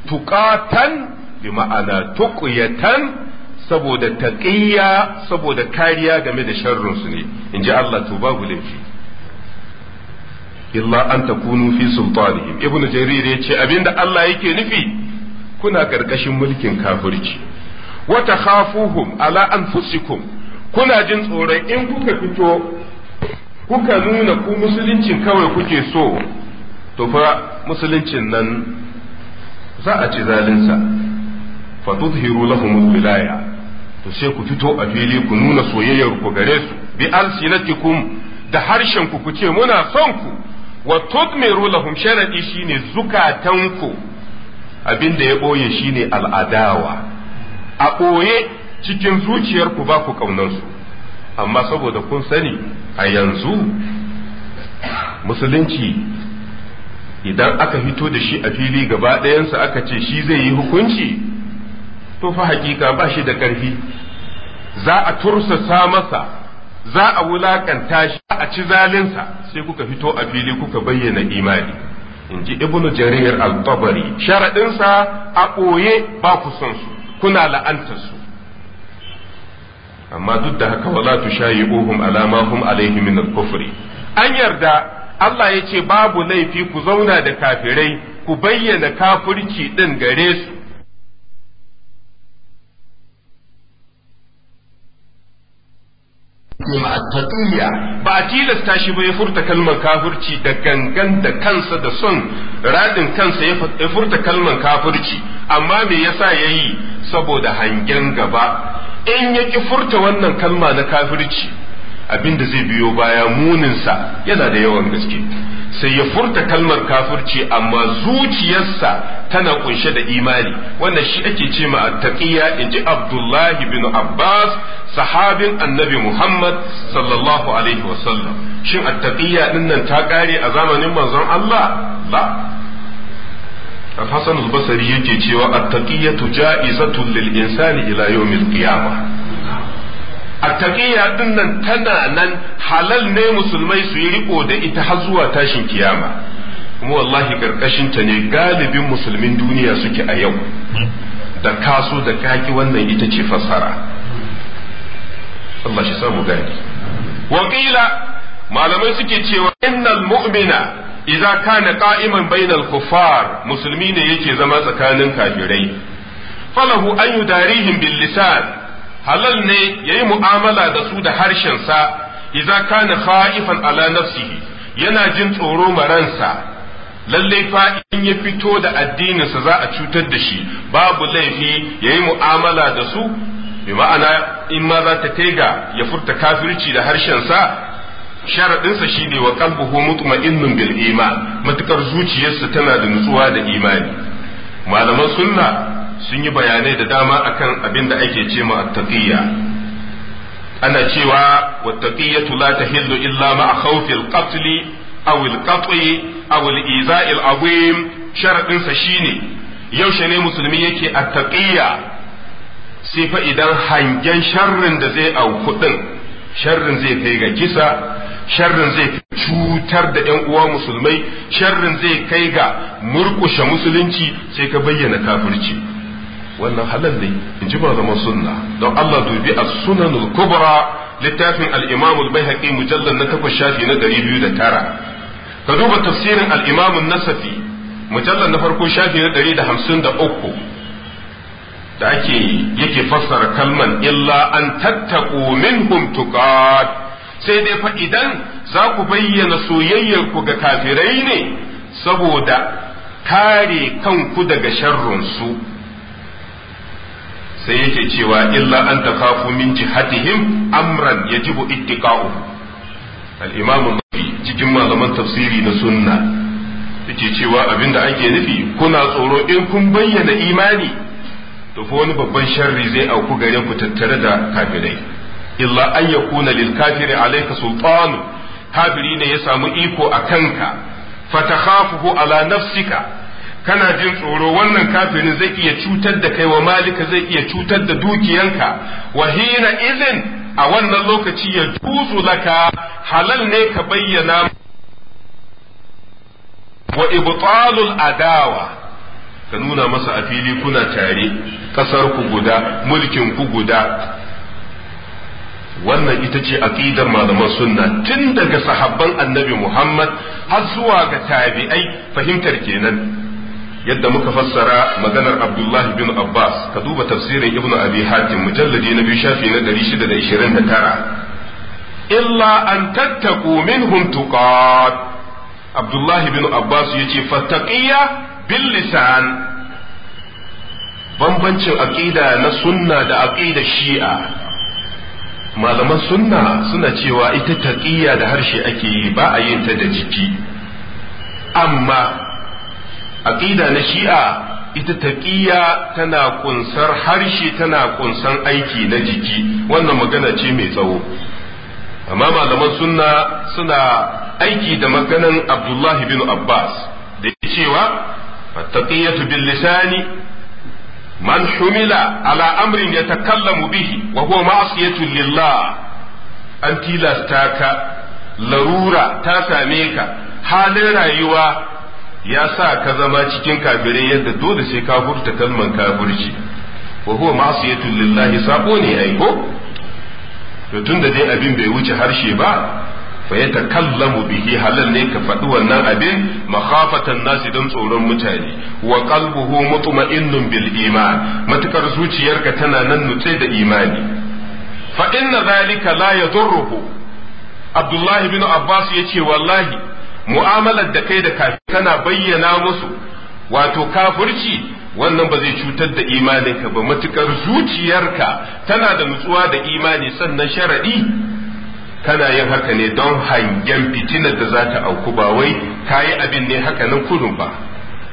tuqatan bi ma'ana tuqyatan saboda taqiyya saboda kariya game da sharrin su ne inji Allah to babu laifi illa an takunu fi sultanihim ibnu jarir ya ce abinda Allah yake nufi kuna karkashin mulkin kafirci wa takhafuhum ala anfusikum kuna jin tsoron in kuka fito kuka nuna ku musuluncin kawai kuke so to fa musuluncin nan za a ci zalinsa fa tudhiru lahum wilaya to sai ku fito a fili ku nuna soyayyar ku gare su bi alsinatikum da harshen ku kuce muna son ku wa tudmiru lahum sharadi shine zukatanku abin da ya boye shine al'adawa a boye cikin zuciyarku ba ku su. amma saboda kun sani a yanzu musulunci idan aka fito da shi a fili gaba ɗayansa aka ce shi zai yi hukunci to fa hakika ba shi da ƙarfi za a tursasa masa za a wulakanta shi a ci zalinsa sai kuka fito a fili kuka bayyana imani in ji ibnu jarir al-tabari sharaɗinsa a ɓoye ba ku son su kuna la'antar su amma duk da haka wala tushayi'uhum ala alama hum alayhi min al-kufri an yarda Allah ya ce babu laifi ku zauna da kafirai ku bayyana kafirci din gare su ke ma'attaqiyya ba a tilasta shi ba ya furta kalmar kafirci da gangan da kansa da son radin kansa ya furta kalmar kafirci amma me yasa yayi saboda hangen gaba in ya ki furta wannan kalma na kafirci abinda zai biyo baya muninsa yana da yawan gaske sai ya furta kalmar kafirci amma zuciyarsa tana kunshe da imani wannan shi ake ce ma taqiya inji Abdullahi bin Abbas sahabin Annabi Muhammad sallallahu alaihi wasallam shin attaƙiyya ɗinnan din nan ta kare a zamanin manzon Allah la Al-Hasan al-Basri yake cewa at-taqiyatu ja'izatun lil insani ila yawmil qiyamah attaqiyya din nan tana nan halal ne musulmai su yi riko da ita har zuwa tashin kiyama kuma wallahi karkashin ta ne galibin musulmin duniya suke a yau da kaso da kaki wannan ita ce fasara Allah shi samu gani wakila malamai suke cewa innal mu'mina idza kana qa'iman bainal kuffar musulmi ne yake zama tsakanin kafirai falahu an yudarihim bil lisan halal ne ya yi mu'amala da su da harshen sa. idza kana khaifan ala nafsihi yana jin tsoro maransa lalle fa in ya fito da addininsa za a cutar da shi babu laifi yayi mu'amala da su bi ma'ana in ma za ta taiga ya furta kafirci da harshen harshensa sharaɗinsa shine wa qalbuhu mutma'innun bil iman matukar zuciyarsa tana da nutsuwa da imani malaman sunna sun yi bayanai da dama akan abin da ake ce ma attaqiyya ana cewa wattaqiyatu la tahillu illa ma'a khawfil qatl aw al qat'i aw al iza'il azim sharadin sa shine yaushe ne musulmi yake attaqiyya sai fa idan hangen sharrin da zai auku din sharrin zai kai ga kisa sharrin zai cutar da ‘yan uwa musulmai, sharrin zai kai ga murkushe musulunci sai ka bayyana kafirci. wannan halal ne in ji malaman sunna don Allah dubi as-sunanul kubra littafin al-imam al mujallal na takwas shafi na 209 ka duba tafsirin al-imam nasafi mujallal na farko shafi na 153 da ake yake fassara kalman illa an tattaƙo minhum tuqat sai dai fa idan za ku bayyana soyayyar ku ga kafirai ne saboda kare kanku daga sharrin su sai yake cewa illa an kafu min jihatihim amran yajibu ittiqa'u al-imam mafi cikin malaman tafsiri na sunna yake cewa abinda ake nufi kuna tsoro in kun bayyana imani to fa wani babban sharri zai auku gare ku tattare da kafirai illa an yakuna lil kafiri alayka sultan kafiri ne ya samu iko a kanka fatakhafuhu ala nafsika kana jin tsoro wannan kafirin zai iya cutar da kai wa malika zai iya cutar da dukiyanka wa hina izin a wannan lokaci ya tuzu laka halal ne ka bayyana wa ibtalul adawa ka nuna masa a fili kuna tare kasar ku guda mulkin ku guda wannan ita ce aqidar malaman sunna tun daga sahabban annabi Muhammad har zuwa ga tabi'ai fahimtar kenan yadda muka fassara maganar Abdullah bin Abbas ka duba tafsirin Ibn Abi Hatim mujalladi na biyu shafi na 629 illa an tattaku minhum tuqat Abdullah bin Abbas yace fattaqiya bil lisan bambancin aqida na sunna da aqida shi'a malaman sunna suna cewa ita taqiya da harshe ake yi ba a yin ta da jiki amma aqida na shi'a ita taƙiya tana kunsar harshe tana kunsan aiki na jiki wannan magana ce mai tsawo amma malaman sunna suna aiki da maganan abdullahi bin abbas da ya cewa taqiyatu bil lisani man humila ala amrin yatakallamu bihi wa huwa ma'siyatu lillah an tilasta ka larura ta same ka halin rayuwa ya sa ka zama cikin kabirai yadda dole sai ka furta kalman kafirci wa huwa ma'siyatu lillahi sabo ne ai ko to tunda dai abin bai wuce harshe ba fa ya takallamu bihi halal ne ka faɗi wannan abin makhafatan nasi don tsoron mutane wa qalbuhu mutma'innun bil iman matukar zuciyarka tana nan nutse da imani fa inna zalika la yadurruhu abdullahi bin abbas yace wallahi mu'amalar da kai da kafi kana bayyana musu wato kafirci wannan ba zai cutar da imaninka ba matukar zuciyarka tana da nutsuwa da imani sannan sharaɗi? kana yin haka ne don hangen fitinar da za ta auku ba wai ka yi abin ne haka nan kudun ba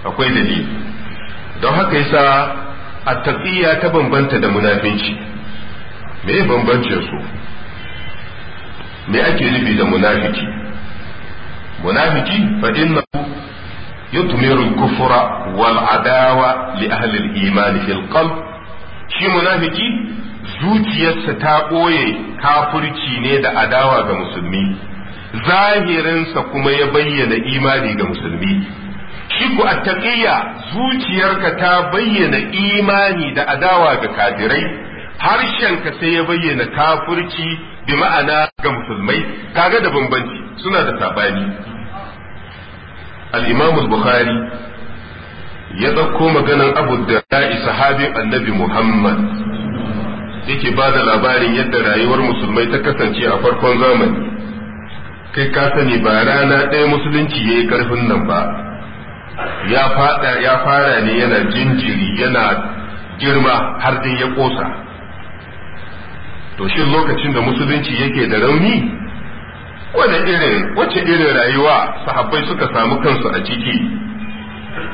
akwai dalili don haka yasa a taƙiyya ta bambanta da munafinci me bambancin su me ake nufi da munafiki munafiki fa inna yutmiru al-kufra wal adawa li ahli al-iman fi al-qalb shi munafiki zuciyarsa ta ɓoye kafirci ne da adawa ga musulmi zahirinsa kuma ya bayyana imani ga musulmi shi ku attaqiyya zuciyarka ta bayyana imani da adawa ga kafirai harshenka sai ya bayyana kafirci bi ma'ana ga musulmai kaga da bambanci suna da sabani al-imam al-bukhari ya dauko maganan abu da sahabi annabi muhammad yake ba da labarin yadda rayuwar musulmai ta kasance a farkon zamani kai ka sani ba rana ɗaya musulunci ya yi ƙarfin nan ba ya fara ne yana jinjiri yana girma har dai ya ƙosa to shi lokacin da musulunci yake da rauni wani irin wacce irin rayuwa sahabbai suka samu kansu a ciki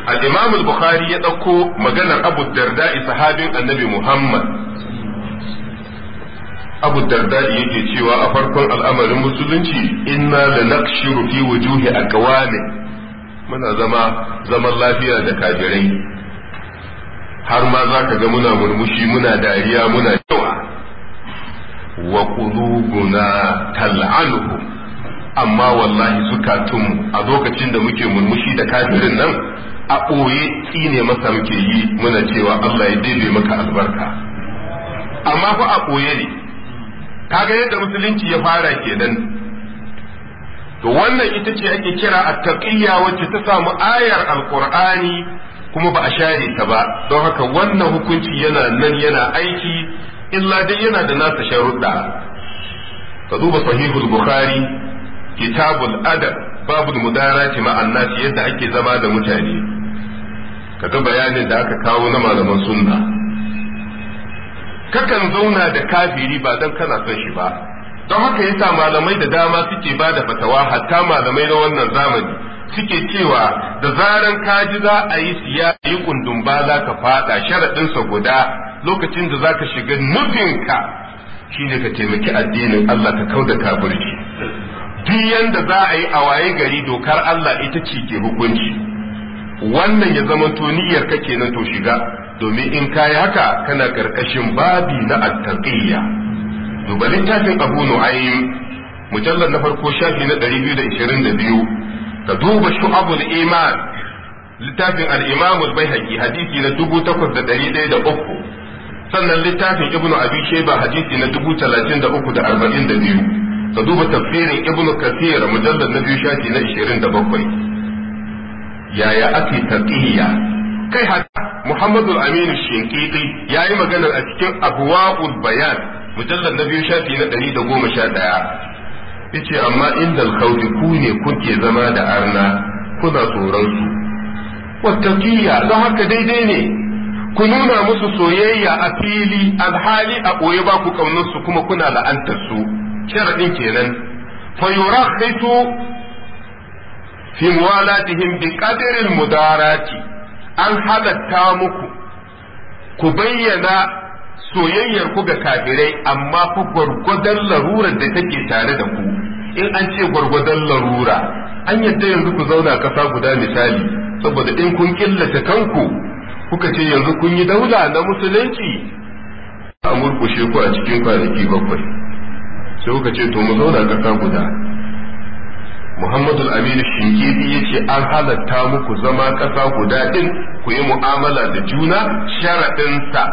al-imam al-bukhari ya dauko maganar abu darda'i sahabin annabi muhammad abu darda'i yake cewa a farkon al'amarin musulunci inna nakshiru fi wujuhi aqwamin muna zama zaman lafiya da kafirai har ma za ka ga muna murmushi muna dariya muna yawa wa qulubuna tal'anuhum amma wallahi suka tun a lokacin da muke murmushi da kafirin nan a ɓoye tsine masa muke yi muna cewa Allah ya daidai maka albarka amma fa a ɓoye ne kaga yadda musulunci ya fara kenan to wannan ita ce ake kira attaqiyya wacce ta samu ayar Alƙur'ani kuma ba a share ta ba don haka wannan hukunci yana nan yana aiki illa dai yana da nasa sharuɗa ka duba sahihul bukhari kitabul adab babul mudarati ma nasi yadda ake zama da mutane Ka ga bayanin da aka kawo na malaman sunna kakan zauna da kafiri ba dan kana son shi ba don haka yasa malamai da dama suke ba da fatawa hatta malamai na wannan zamani suke cewa da zaran ka ji za a yi siya yi kundun ba za ka fada sharaɗinsa guda lokacin da zaka shiga nufinka shine ka taimaki addinin Allah ta kauda kafirci duk yanda za a yi a waye gari dokar Allah ita ce ke hukunci wannan ya zama to niyyar ka kenan to shiga domin in kayi haka kana karkashin babi na attaqiyya duba littafin Abu Nu'aym mujallal na farko shafi na 222 ka duba shu'abul iman littafin al-Imam al-Baihaqi hadisi na 8103 sannan littafin ibnu abi shayba hadisi na 3342 ka duba tafsirin ibnu kathir mujallad na biyu shafi na 27 yaya ake taqiyya kai hada muhammadu Aminu amin shinkiti yayi magana a cikin abwaul bayan mujallad na biyu shafi na 111 yace amma inda alkhawfi ku ne kuke zama da arna kuna tsoron su wattaqiya don haka daidai ne ku nuna musu soyayya a fili alhali a ɓoye ba ku su kuma kuna la'antar su sharaɗin kenan fa yurakhitu fi muwalatihim bi qadri mudarati an halatta muku ku bayyana soyayyar ku ga kafirai amma ku gwargwadon larurar da take tare da ku in an ce gwargwadon larura an yadda yanzu ku zauna kasa guda misali saboda in kun killace kanku kuka ce yanzu kun yi daula na musulunci a murkushe ku a cikin kwanaki bakwai sai kuka ce to mu zauna ƙasa guda muhammadu aminu shinkidi ya ce an halatta muku zama ƙasa guda ɗin ku yi mu'amala da juna sharaɗinsa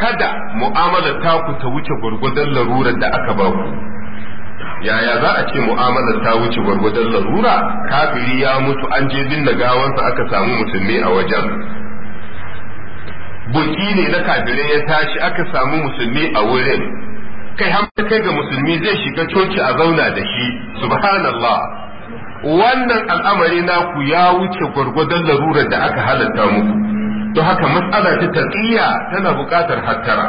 kada mu'amala ta ku ta wuce gwargwadon larurar da aka ba ku yaya za a ce mu'amala ta wuce gwargwadon larura kafiri ya mutu an je binne gawansa aka samu musulmi a wajen buki ne na kafire ya tashi aka samu musulmi a wurin kai hamsa kai ga musulmi zai shiga coci a zauna da shi subhanallah wannan al'amari naku ya wuce gwargwadon larurar da aka halatta muku to haka matsala ta taqiyya tana buƙatar hattara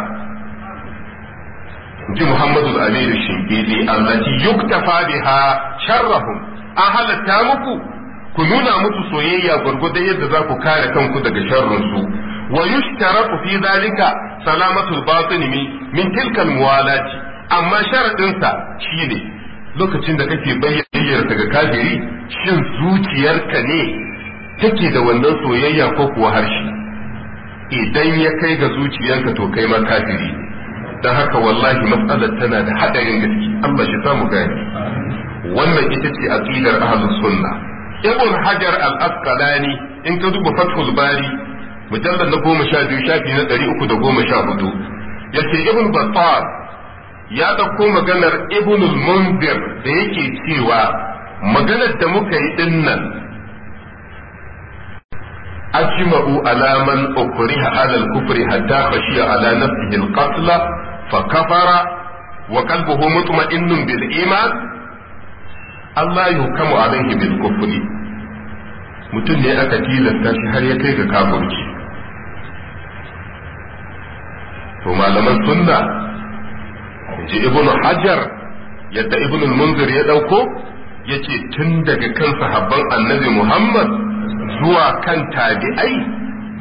ji Muhammadu Aminu Shinkili allati yuktafa biha sharrahum an halatta muku ku nuna musu soyayya gwargwadon yadda za ku kare kanku daga su wa yushtaratu fi zalika salamatul batini min min tilka muwalati amma sharadin sa shine lokacin da kake bayyanar daga kafiri shin zuciyarka ne take da wannan soyayya ko kuwa harshe idan ya kai ga zuciyarka to kai ma kafiri ne haka wallahi matsalar tana da haɗarin gaske Allah shi samu gani wannan ita ce aqidar ahlus sunna ibn hajar al-asqalani in ta duba fathul bari mujallar na goma sha biyu shafi na ɗari uku da goma sha hudu ya ce ibn battar ya ɗauko maganar ibn munzir da yake cewa maganar da muka yi ɗin nan ajma'u alaman ukriha alal kufri hatta khashiya ala nafsihi al-qatla fa kafara wa qalbuhu mutma'innun bil iman Allah yuhkamu alayhi bil kufri mutum ne aka tilasta shi har ya kai ga kafirci to malaman sunna ji ibnu hajar yadda ibnu munzir ya dauko yace tun daga kan sahabban annabi muhammad zuwa kan tabi'ai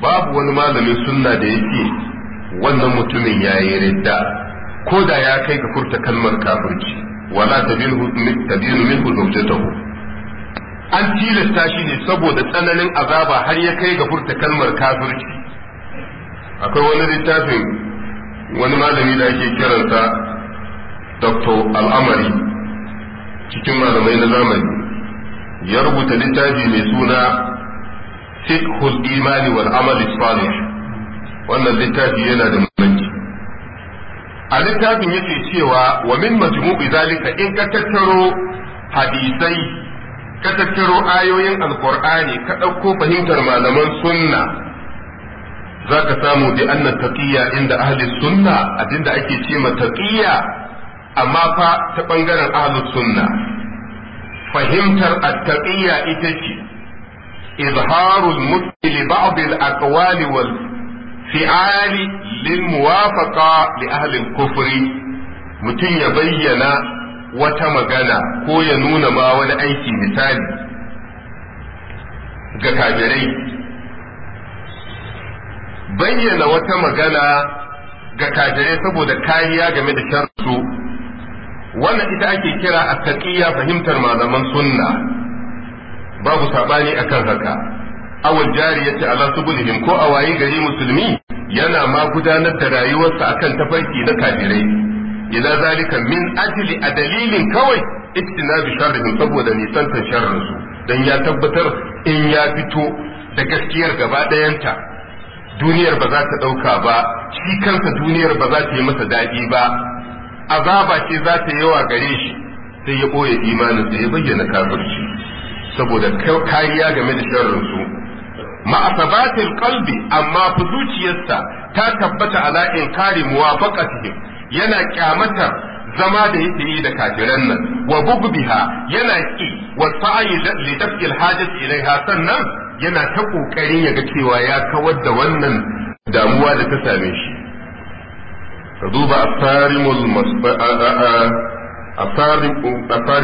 babu wani malami sunna da yake wannan mutumin yayi ridda ko da ya kai ga furta kalmar kafirci wala tabinu minhu zawjatahu an tilasta shi ne saboda tsananin azaba har ya kai ga furta kalmar kafirci akwai wani littafin wani malami da ake kiranta dr al'amari cikin malamai na zamani ya rubuta littafi mai suna fiqhul imani wal amal salih wannan littafi yana da muhimmanci a littafin yake cewa wa min majmu'i zalika in ka tattaro hadisai ka tattaro ayoyin alqur'ani ka ɗauko fahimtar malaman sunna zaka samu bi anna taqiyya inda ahli sunna abinda ake ce ma taqiyya amma fa ta bangaren ahli sunna fahimtar at-taqiyya ita ce izharul mutti li ba'd al-aqwali wal fi'ali lil muwafaqa li ahli al mutum ya bayyana wata magana ko ya nuna ma wani aiki misali ga kafirai bayyana wata magana ga kafirai saboda kariya game da sharsu wannan ita ake kira a taƙiyya fahimtar malaman sunna babu saɓani akan haka awal jariyati ala subulihim ko a waye gari musulmi yana ma gudanar da rayuwarsa akan tafarki na kafirai ila zalika min ajli a dalilin kawai bi sharrihim saboda nisantar sharrinsu dan ya tabbatar in ya fito da gaskiyar gaba ɗayanta duniyar ba za ta ɗauka ba shi kansa duniyar ba za ta yi masa daɗi ba azaba ce za ta yawa gare shi sai ya ɓoye imaninsa ya bayyana kafirci saboda kariya game da sharrinsu ma'asabatin kalbi amma fa zuciyarsa ta tabbata ala inkari muwafaqatihim yana kyamata zama da yake yi da kafiran nan wa bugbiha yana ki wa sa'i li dafil hajat ilaiha sannan yana ta ƙoƙarin ya ga cewa ya kawar da wannan damuwa da ta same shi ka duba asarimul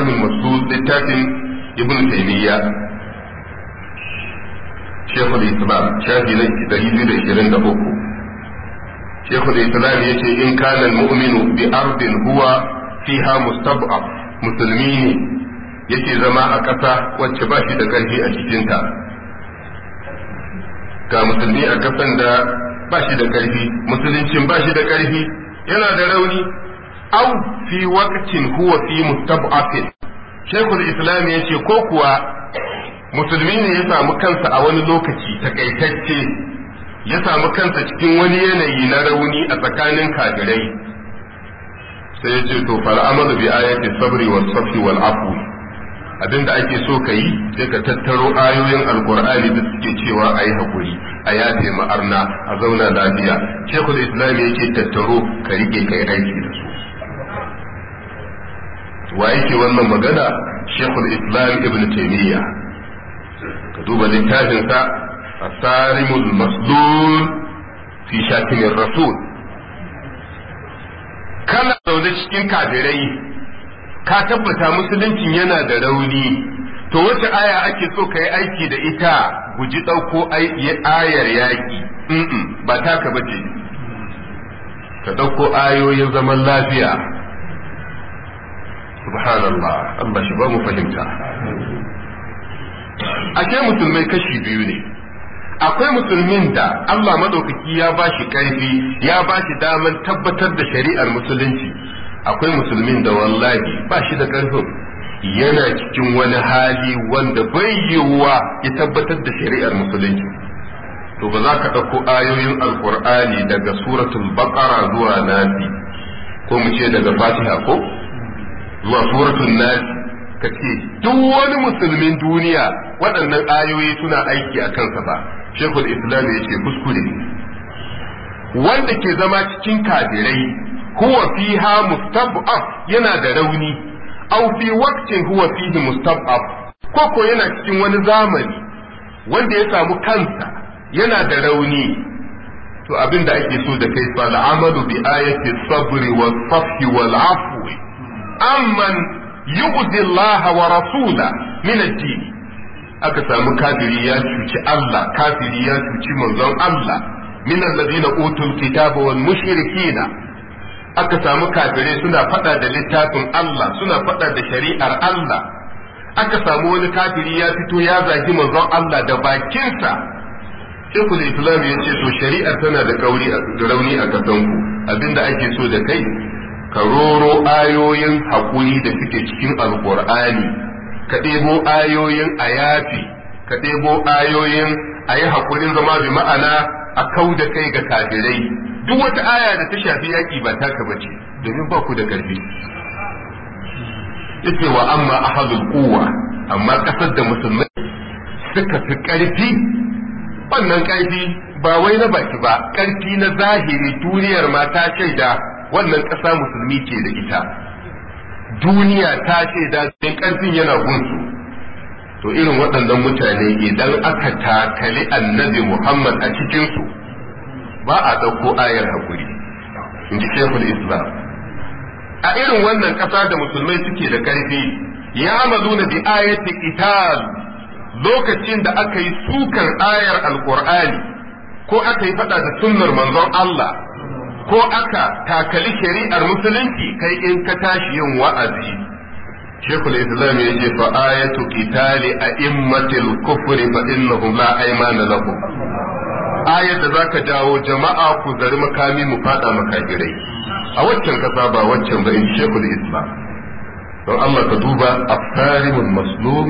masu littafin ibn taymiya shekul islam shafi na 223 shekul islam ya ce in kana mu'minu bi ardin huwa fiha mustab'af musulmi ne yake zama a ƙasa wacce ba shi da ƙarfi a cikinta ga musulmi a kasan da ba shi da ƙarfi musuluncin ba shi da ƙarfi yana da rauni au fi waqtin huwa fi mustab'afin shaykhul islam yace ko kuwa musulmi ne ya samu kansa a wani lokaci takaitacce ya samu kansa cikin wani yanayi na rauni a tsakanin kafirai sai yace to fal amalu bi ayati sabri was safi wal afwi abin da ake so ka yi sai ka tattaro ayoyin alkur'ani da suke cewa a yi haƙuri a yafe ma'arna a zauna lafiya shekul islam yake tattaro ka riƙe ka yi aiki da su wa yake wannan magana shekul islam ibn taimiyya ka duba littafinsa a sarimul maslul fi shatimin rasul kana zaune cikin kafirai ka tabbata musuluncin yana da rauni to wace aya ake so ka yi aiki da ita guji ɗauko ayar yaƙi ba taka ba ce ka ɗauko ayoyin zaman lafiya subhanallah an ba shi ba mu fahimta mutum musulmai kashi biyu ne akwai musulmin da Allah madaukaki ya ba shi ƙarfi ya ba shi damar tabbatar da shari'ar musulunci akwai musulmin da wallahi ba shi da ƙarfin yana cikin wani hali wanda bai yiwuwa ya tabbatar da shari'ar musulunci to ba za ka ɗauko ayoyin Alƙur'ani daga suratul baqara zuwa nasi ko mu ce daga fatiha ko zuwa suratul nasi ka ce duk wani musulmin duniya waɗannan ayoyi suna aiki a kansa ba shekul islam ya ce kuskure wanda ke zama cikin kafirai huwa fiha mustab'af yana da rauni aw fi waqtin huwa fihi mustab'af ko yana cikin wani zamani wanda ya samu kansa yana da rauni to abin da ake so da kai fa al'amalu bi ayati sabri was safhi wal afwi amman yu'zi wa rasula min ad aka samu kafiri ya cuci Allah kafiri ya cuci manzon Allah min alladhina utul kitaba wal mushrikina aka samu kafirai suna faɗa da littafin Allah suna faɗa da shari'ar Allah aka samu wani kafiri ya fito ya zagi manzon Allah da bakinsa shekul islam ya ce to shari'ar tana da kauri da rauni a kasanku abinda ake so da kai ka roro ayoyin haƙuri da suke cikin alƙur'ani ka ɗebo ayoyin ayafi ka ɗebo ayoyin a yi haƙurin zama bi ma'ana a kau da kai ga kafirai duk wata aya da ta shafi yaƙi ba taka bace domin ba ku da ƙarfi yace wa amma ahadul quwwa amma kasar da musulmai suka fi ƙarfi wannan ƙarfi ba wai na baki ba ƙarfi na zahiri duniyar ma ta shaida wannan ƙasa musulmi ke da ita duniya ta shaida sai ƙarfin yana gunsu to irin waɗannan mutane idan aka takali annabi Muhammad a cikinsu ba a ɗauko ayar haƙuri in ji shekul islam a irin wannan ƙasa da musulmai suke da ƙarfi ya mazu na bi ayatul qital lokacin da aka yi sukar ayar alƙur'ani ko aka yi faɗa da sunnar manzon Allah ko aka takali shari'ar musulunci kai in ka tashi yin wa'azi شيخ islam ya ce fa ayatu الكفر a لا kufri fa innahum la aymana lahum ayar da zaka dawo jama'a ku zari makami mu fada makafirai a waccan ba waccan in islam don Allah ka duba maslum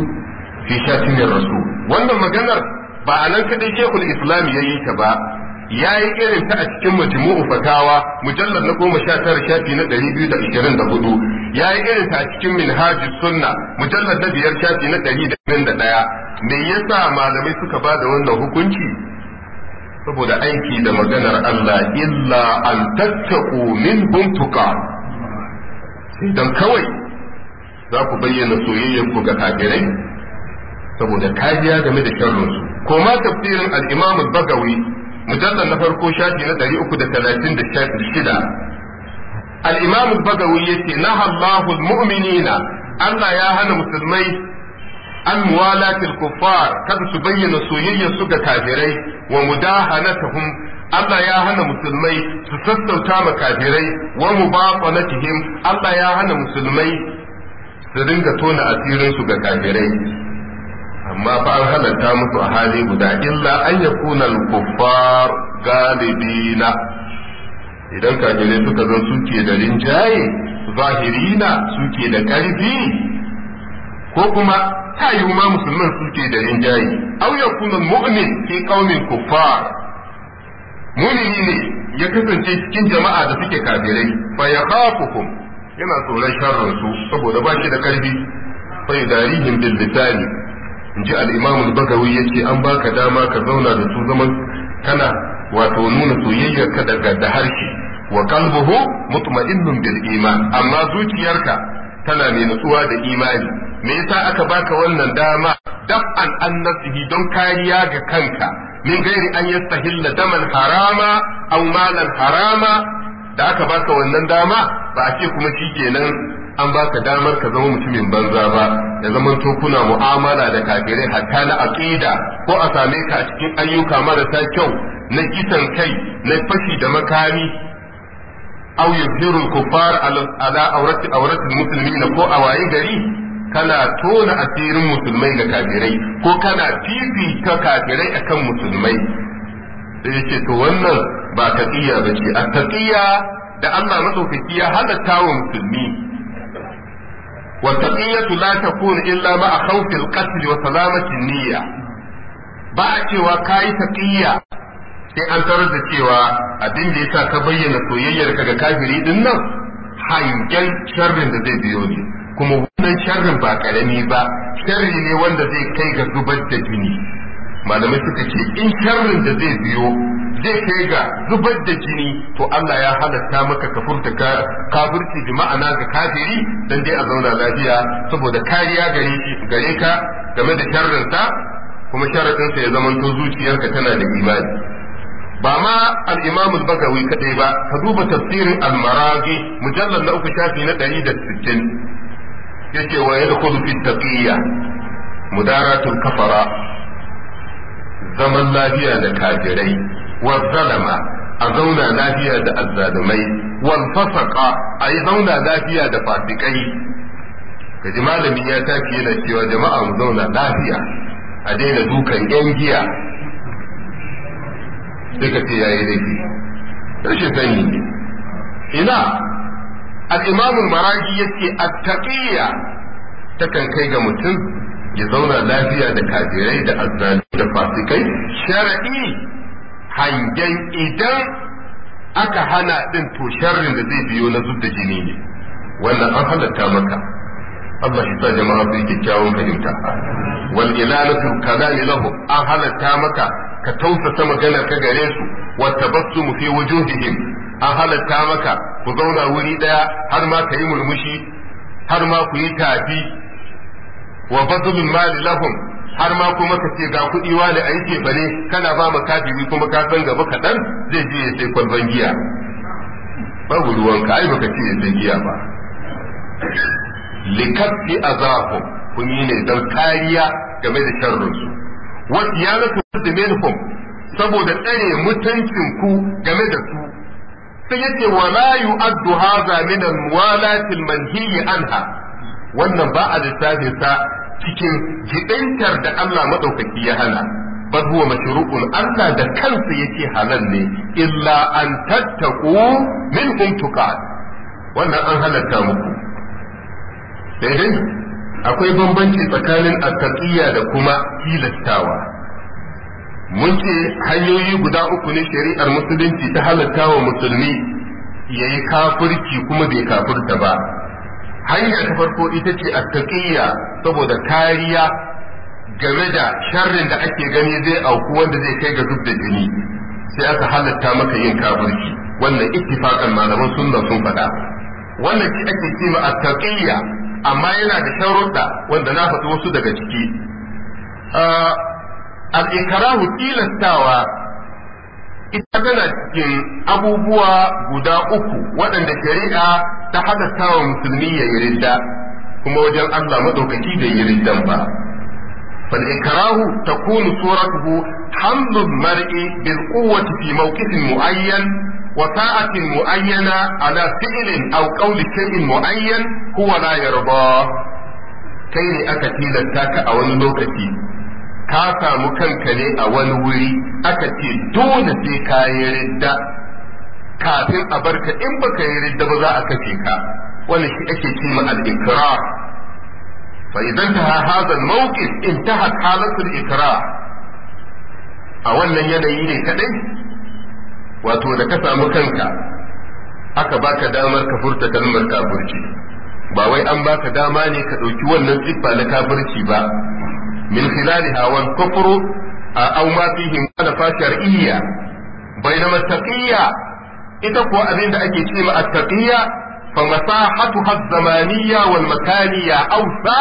fi rasul wannan maganar ba a nan kadai shekul islam ya ta ba ya yi irin ta a cikin majmu'u fatawa mujallar na goma sha tara shafi na ɗari biyu da ishirin da hudu ya yi irin ta a cikin minhaji sunna mujallar na biyar shafi na ɗari da da ɗaya me yasa malamai suka ba da wannan hukunci saboda aiki da maganar Allah illa an tattaku min tuqa dan kawai za ku bayyana soyayyar ku ga kafirai saboda kariya game da sharrinsu ko ma tafsirin al-Imam al-Bagawi mujallar na farko shafi na 336 al-imam al-bagawi yace naha Allahu al-mu'minina Allah ya hana musulmai an muwalatil kuffar kada su bayyana soyayya su ga kafirai wa mudahanatuhum Allah ya hana musulmai su sassauta ma kafirai wa mubatanatihim Allah ya hana musulmai su dinga tona asirin su ga kafirai amma ba an halatta musu a hali guda illa an ya kuna kuffar galibina idan kafirai suka zo suke da rinjaye zahirina suke da karfi ko kuma ta yi ma musulman suke da rinjaye au kuna mu'min fi kaumin kuffar mu'mini ne ya kasance cikin jama'a da suke kafirai fa khafukum yana tsoron sharrin su saboda ba shi da karfi fa yudarihim bil lisani in ji al'imamu bagawi ya ce an baka dama ka zauna da su zaman kana wato nuna soyayyar ka daga da harshe wa qalbuhu mutma'innun bil iman amma zuciyarka tana mai nutsuwa da imani me yasa aka baka wannan dama dab'an an nafsihi don kariya ga kanka min gairi an yastahilla daman harama aw malan harama da aka baka wannan dama ba a ce kuma shikenan an baka damar ka zama mutumin banza ba ya zaman to kuna mu'amala da kafirai hatta na aqida ko a same ka a cikin ayyuka marasa kyau na kisan kai na fashi da makami aw yuzhiru kufar kuffar ala awrati awrati muslimina ko waye gari kana tona asirin musulmai ga kafirai ko kana fifita kafirai akan musulmai sai yake to wannan ba taqiya bace at-taqiya da Allah madaukaki ya halatta wa musulmi والتقية لا تكون إلا مع خوف القتل وسلامة النية ba cewa ka yi taƙiyya sai an tarar da cewa abin da yasa ka bayyana soyayyar ka ga kafiri din nan hangen sharrin da zai biyo ne kuma wannan sharrin ba karami ba sharri ne wanda zai kai ga zubar da jini malamai suka ce in sharrin da zai biyo zai kai ga zubar da jini to Allah ya halatta maka ka furta kafirci bi ma'ana ga kafiri dan dai a zauna lafiya saboda kariya gare gare ka game da sharrin kuma sharadin sa ya zamanto zuciyarka tana da imani ba ma al-Imam al-Bagawi kadai ba ka duba tafsirin al-Maraghi mujallal na uku shafi na 160 yake wa yadkhulu fi taqiyya mudaratul kafara zaman lafiya da kafirai والظلمة أزونا لافية دا الظالمي والفسقة أي زونا لافية دا فاسقي كجمال من يتاكي لكي جماعة زونا لافية أدينا دوكا ينجيا سكتي يا إليكي رشي سنيني إلا الإمام المراجي يتي التقية تكن كيغا متن يزونا zauna lafiya da kafirai da azzali da fasikai hangen idan aka hana din to sharrin da zai biyo na da jini ne wannan an halatta maka Allah shi sa jama'a su yi kyakkyawan fahimta wal ilalatu kadhali lahu an halatta maka ka tausasa magana ka gare su wa mu fi wujuhihim an halatta maka ku zauna wuri daya har ma ka yi murmushi har ma ku yi tafi wa bazulul mali lahum har ma kuma ka ce ga kuɗi wani a yi ce ne kana ba ma kafiri kuma ka san gaba kaɗan zai je ya sai kwalban giya babu ruwanka ai baka ce ya sai giya ba likaffi azafu kun yi ne don kariya game da su wasu ya minhum saboda tsare mutuncin ku game da su sai yace wa la yu'addu hadha min al-muwalati al-manhiyi anha wannan ba a lissafe sa cikin jidantar da Allah maɗaukaki ya hana bal huwa mashru'un Allah da kansa yake halal ne illa an tattaku minhum tuqat wannan an halatta muku daidai akwai bambanci tsakanin attaqiyya da kuma tilastawa mun ce hanyoyi guda uku ne shari'ar musulunci ta halatta wa musulmi yayi kafirci kuma bai kafirta ba hanya ta farko ita ce attaqiyya saboda kariya game da sharrin da ake gani zai auku wanda zai kai ga duk da jini sai aka halatta maka yin kafirci wannan ittifaqan malaman sunna sun faɗa wannan shi ake cewa attaqiyya amma yana da sharuɗa wanda na faɗi wasu daga ciki ah, al-ikrahu tilastawa ita tana cikin abubuwa guda uku waɗanda shari'a ta haɗa wa musulmi ya yi ridda kuma wajen Allah maɗaukaki bai yi riddan ba fal ikrahu takunu suratuhu hamlul mar'i bil quwwati fi mawqifin muayyan wa sa'atin muayyana ala fi'lin aw qawli shay'in muayyan huwa la yarda kai ne aka tilasta ka a wani lokaci ka samu kanka ne a wani wuri aka ce dole sai ka yi ridda kafin a barka in baka yi ridda ba za a kace ka wannan shi ake cewa al ikra fa idan ta hadha al-mawqif intaha halat al ikra a wannan yanayi ne kadai wato da ka samu kanka aka baka damar ka furta kalmar kafirci ba wai an baka dama ne ka ɗauki wannan siffa na kafirci ba min khilaliha wal kufru a ma fihi mukhalafa shar'iyya bainama taqiyya ita kuwa abin da ake ce ma at-taqiyya fa masahatuha ya zamaniyya wal makaniyya awsa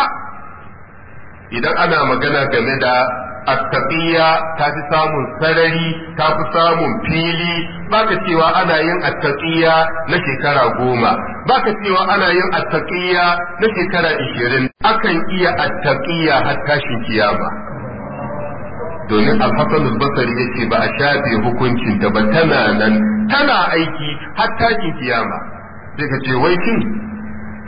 idan ana magana game da attaqiya ta fi samun sarari ta fi samun fili baka cewa ana yin attaqiya na shekara goma baka cewa ana yin attaqiya na shekara ishirin akan iya attaqiya har tashin kiyama domin alhassan basari ya ce ba a shafe hukuncin da ba tana nan tana aiki har tashin kiyama sai ka ce wai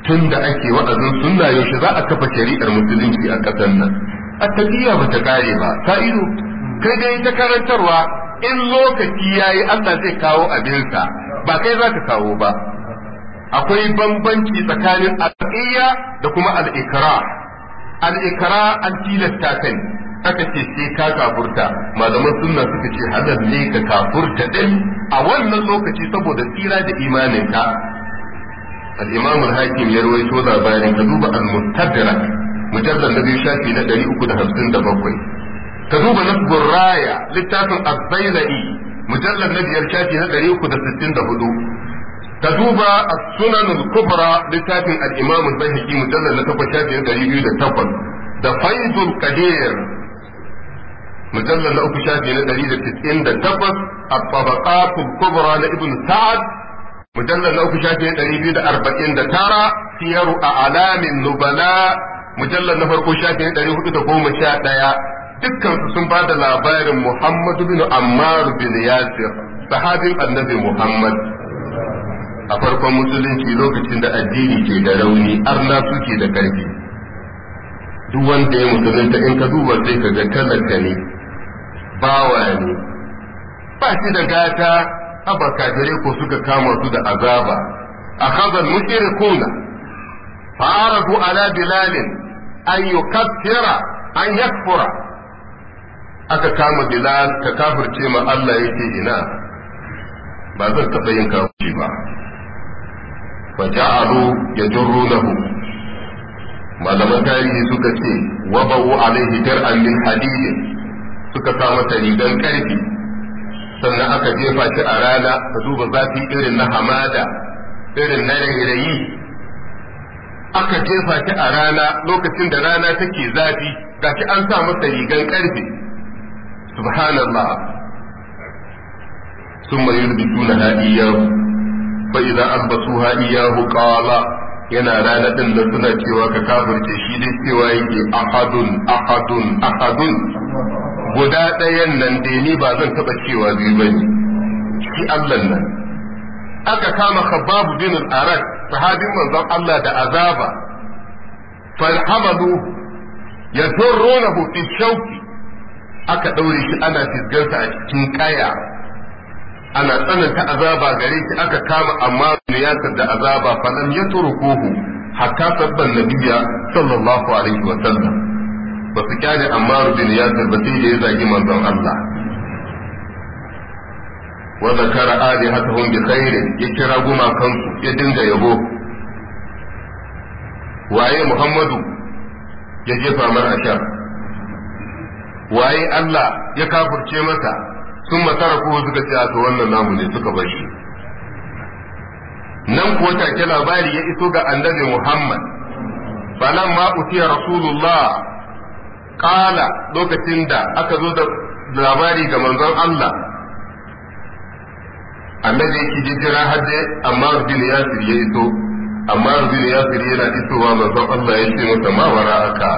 tun da ake wa'azin sunna yaushe za a kafa shari'ar musulunci a ƙasar nan attaqiyya ba ta kare ba ta ido kai dai ta karantarwa in lokaci yayi Allah zai kawo abinsa ba kai za ka kawo ba akwai bambanci tsakanin attaqiyya da kuma al-ikra al-ikra an tilasta kai aka ce sai ka kafurta malaman sunna suka ce halal ne ka kafurta din a wannan lokaci saboda tsira da imaninka al-imam al-hakim ya rawaito labarin ka duba al-mustadrak mujallar na biyu shafi na ɗari uku da hamsin da bakwai ka duba nasbun raya littafin abbailai mujallar na biyar shafi na ɗari uku da sittin da hudu ka duba as-sunan al-kubra littafin al-imam al-bayhaqi mujallar na takwas shafi na ɗari biyu da takwas da faizul qadir mujallar na uku shafi na ɗari da da a tabaqatul kubra na sa'ad mujallar na uku shafi na ɗari biyu da arba'in da tara siyaru a alamin nubala mujallar na farko shafi ɗari hudu da goma sha ɗaya sun ba da labarin Muhammad bin Ammar bin Yasir sahabin annabi Muhammad a farkon musulunci lokacin da addini ke da rauni arna suke da karfi duk wanda ya musulunta in ka duba sai ka ga talaka ne bawa ne ba shi da gata haba kafirai ko suka kama su da azaba akhadha al-mushrikuna fa'aradu ala bilalin an kafira an yakfura aka kama bilal ka kafirce ma Allah yake ina ba zan taɓa yin kafirci ba fa ja'alu yajrunahu malaman tarihi suka ce wa bawu alaihi dar'an min hadid suka sa mata karfi sannan aka jefa shi a rana ka duba zafi irin na hamada irin na rairayi aka jefa shi a rana lokacin da rana take zafi shi an sa masa rigan karfe subhanallah ثم يلبسونها إياه فإذا ألبسوها إياه قال yana rana din da suna cewa ka kafirce shi dai cewa yake ahadun ahadun ahadun guda ɗayan nan dai ni ba zan taɓa cewa zai ba shi Allah nan aka kama khabbab bin al-arak sahabin manzon Allah da azaba falhamalu ya turrunahu fi shauki aka ɗaure shi ana fisgarsa a cikin kaya ana tsananta azaba gare shi aka kama amma ya da azaba falam ya kohu hatta sabban nabiya sallallahu alaihi wa sallam ba su kyale amma bin yasir ba sai da ya zagi manzon Allah wa zakara alihatahum bi khairin ya kira gumakansu ya dinga yabo waye muhammadu ya jefa mar ashar waye allah ya kafurce masa sun matara ko suka ce to wannan namu ne suka bar shi nan kuwa ke labari ya iso ga annabi muhammad falamma utiya rasulullah kala lokacin da aka zo da labari ga manzon allah annabi yake jijjira hajji amma bin yasir ya iso amma bin yasir yana isowa manzo Allah ya ce masa ma wara aka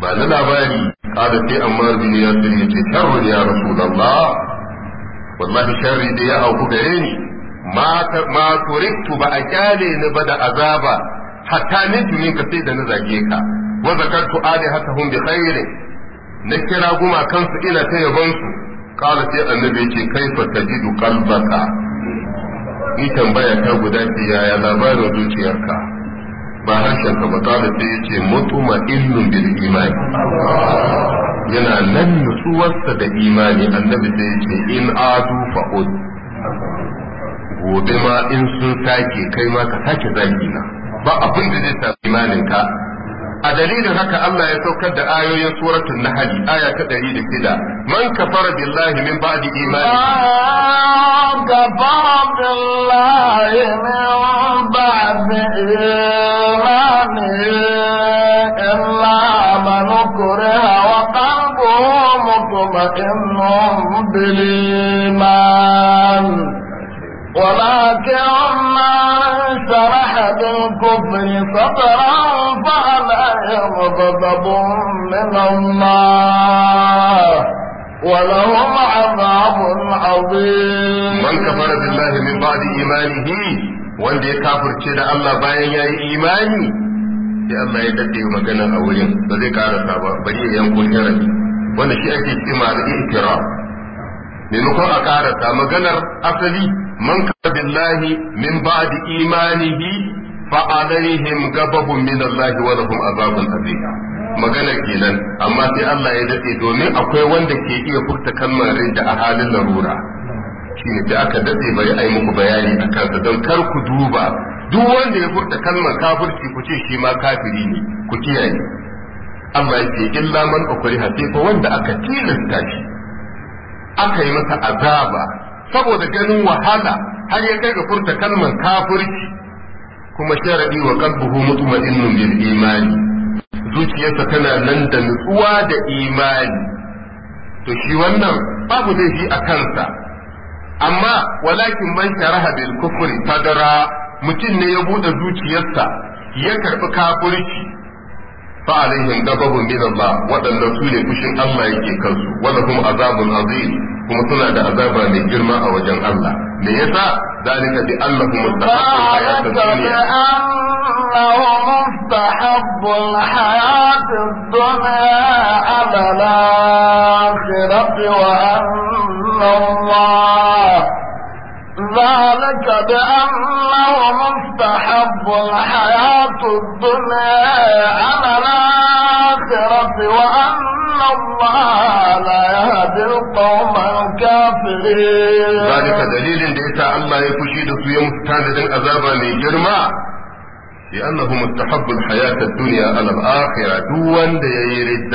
ba na labari kada sai amma bin yasir ya ce sharrun ya rasulullah wallahi sharri da ya auku gare ni ma turiktu ba a kyale ni ba da azaba hatta ni tunin ka sai da na zage ka wa zakartu alihatahum bi khairin na kira su ina ta yabansu kala sai annabi yake kaifa tajidu qalbaka ni tambaya ta guda ce yaya labarin zuciyarka ba harshen ka ba kala sai yace mutuma innun bil imani yana nan nutsuwarsa da imani annabi sai yace in adu ud gobe ma in sun sake kai ma ka sake zaki na ba abin da zai sa imanin ka a dalilin haka Allah ya saukar da ayoyin suratul nahl aya ta 106 man kafara billahi min ba'di imani man kafara billahi min ba'di imani illa man wa qalbuhu mutma'innun bil iman ولكن كرما سرح بالكفر سطرا فعليه يغضب من الله ولهم عذاب عظيم من كفر بالله من بعد إيمانه wanda ya kafirce da Allah bayan ya yi imani sai Allah ya daɗe magana a wurin ba zai karasa ba bari ya yanko wanda shi ake cima da ikira maimakon a karasa maganar asali من كفر بالله min ba'di imanihi فعليهم غضب من min ولهم عذاب lahum magana kenan amma sai Allah ya dace domin akwai wanda ke iya furta kalmar da a halin larura shine da aka dace bai ai muku bayani akan kansa don kar ku duba duk wanda ya furta kalmar kafirci ku ce shi ma kafiri ne ku kiyaye amma yake illa man ukriha sai fa wanda aka tilasta shi aka yi masa azaba saboda ganin wahala har ya kai ga furta kalmar kafirci kuma sharadi wa qalbuhu mutma'innun bil imani zuciyarsa tana nan da nutsuwa da imani to shi wannan babu yi a kansa amma walakin man sharaha bil kufri sadara, mutum ne ya bude zuciyarsa ya karbi kafirci fa alaihim dababun min Allah wadanda su ne fushin Allah yake kansu wala kuma azabun azim kuma suna da azaba mai girma a wajen Allah me yasa zalika bi annahum mustahabbul hayatid dunya annahum mustahabbul hayatid dunya ala al-akhirati wa anna Allah ذلك بأنهم استحبوا الحياة الدنيا على الآخرة وأن الله لا يهدي القوم الكافرين ذلك دليل ديتا الله يفشي دسو يوم تاجد أذابا لجرما لأنه مستحب الحياة الدنيا على الآخرة دون ديرد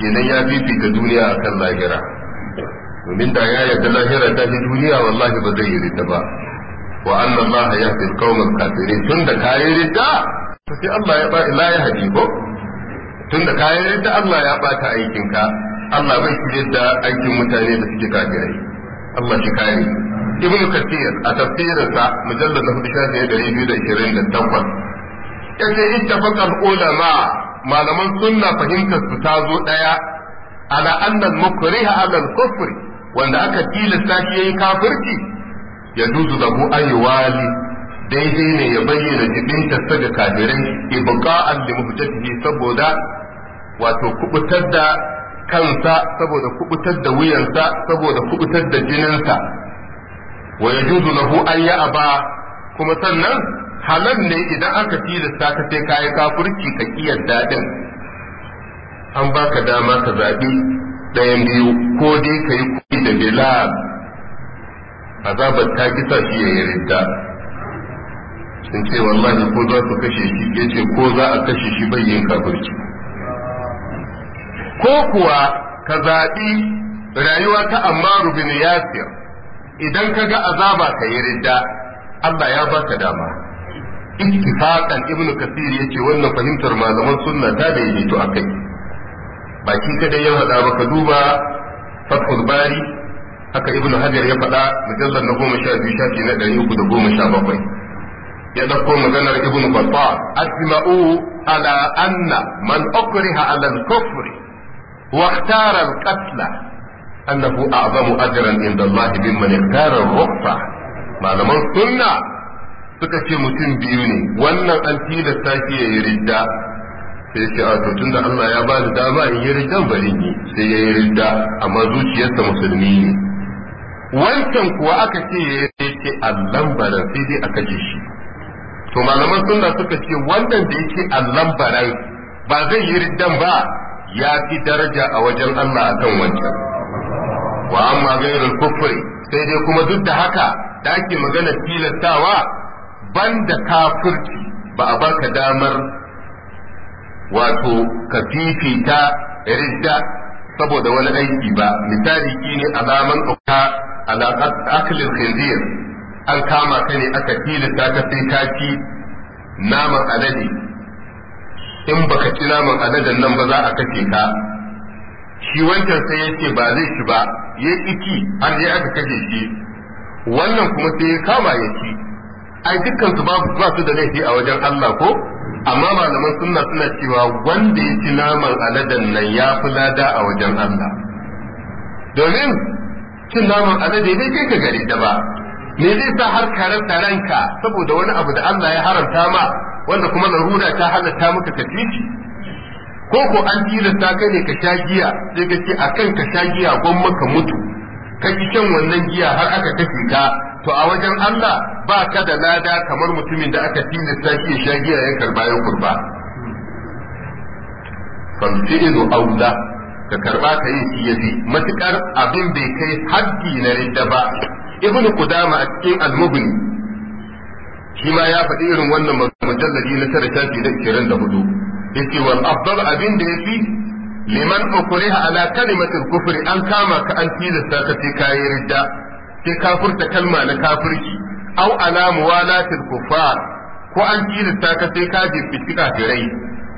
كنا يبي في الدنيا أكل لاهرة ومن دعاية لاهرة تاجد دنيا والله بدي يرد وأن الله يهدي القوم الكافرين تند كايرد sai Allah ya la ya hadi ko tunda kayan ridda Allah ya bata aikinka Allah bai fi yadda aikin mutane da suke kafirai Allah shi kare Ibn Kathir a tafsirinsa mujallal na hudu shafi ɗari biyu da ishirin da takwas ya ce ittafaqa ulama malaman sunna fahimtar su ta zo ɗaya ala annal mukriha ala al-kufri wanda aka tilasta shi yayi kafirci ya duzu lahu an yuwali daidai ne ya bayyana jibin sa ga kafirai ibqa'an al muhtatihi saboda wato kubutar da kansa saboda kubutar da wuyansa saboda kubutar da jininsa wa yajuzu lahu an ya'ba kuma sannan halal ne idan aka tilasta ka sai kayi kafirci ka kiyar dadin an baka dama ka zabi ɗayan biyu ko dai kayi kuɗi da bilal azabar ta kisa shi ya yarda sun ce wallahi ko za su kashe shi ya ce ko za a kashe shi bai yin kafirci ko kuwa ka zaɓi rayuwa ta amma ya yasir idan ka ga azaba ka yi ridda Allah ya baka dama ittifaqan ibnu kasir yace wannan fahimtar malaman sunna ta da yi to akai baki kada ya ba baka duba fathul bari haka ibnu hajar ya faɗa mujallal na goma sha biyu shafi na ɗari uku da goma sha bakwai ya dauko maganar ibn Battal asma'u ala anna man ukriha ala al wa ikhtara al-qatl annahu a'zamu ajran inda Allah mimman ikhtara al-rufa malaman sunna suka ce mutum biyu ne wannan an tilasta shi ya yi ridda sai ce a to da Allah ya bani dama in yi riddan bari ne sai ya yi ridda amma zuciyarsa musulmi ne wancan kuwa aka ce ya ce Allah da sai dai aka ji shi to malaman sunna suka ce wannan da yake allan barai ba zai yi riddan ba ya fi daraja a wajen Allah akan wancan wa amma gairul sai dai kuma duk da haka da ake magana tilastawa banda kafirci ba a baka damar wato ka fifita ridda saboda wani aiki ba misali shine alaman ɗauka ala akhlil khinzir an kama ka ne aka tilasta ka sai ka ci naman alade in baka ci naman aladen nan ba za a kashe ka shi wancan sai ya ce ba zai ci ba ya iki har ya aka kashe shi wannan kuma sai ya kama ya ci ai dukkan su ba su da laifi a wajen Allah ko amma malaman sunna suna cewa wanda ya ci naman aladen nan ya fi lada a wajen Allah domin cin naman alade bai kai ka gari da ba me zai sa har ka rasa saboda wani abu da Allah ya haramta ma wanda kuma larura ta halatta maka ka ci ko ko an tilasta ka ne ka sha giya sai ka ce akan ka sha giya gwamma mutu ka ki shan wannan giya har aka kashe ka to a wajen Allah ba ka da lada kamar mutumin da aka tilasta shi ya sha giya ya karba ya kurba falfi'lu aula ka karba ka yi shi matukar abin bai kai haddi na ridda ba ibnu kudama a cikin al mubni shi ma ya faɗi irin wannan mujalladi na tara shafi da hudu yace wal afdal abin da yafi liman ukriha ala kalimatil kufri an kama ka an tilasta ka sai kai ridda sai kafurta kalma na kafirki aw ala muwalatil kufar ko an tilasta ka sai ka jibbi kafirai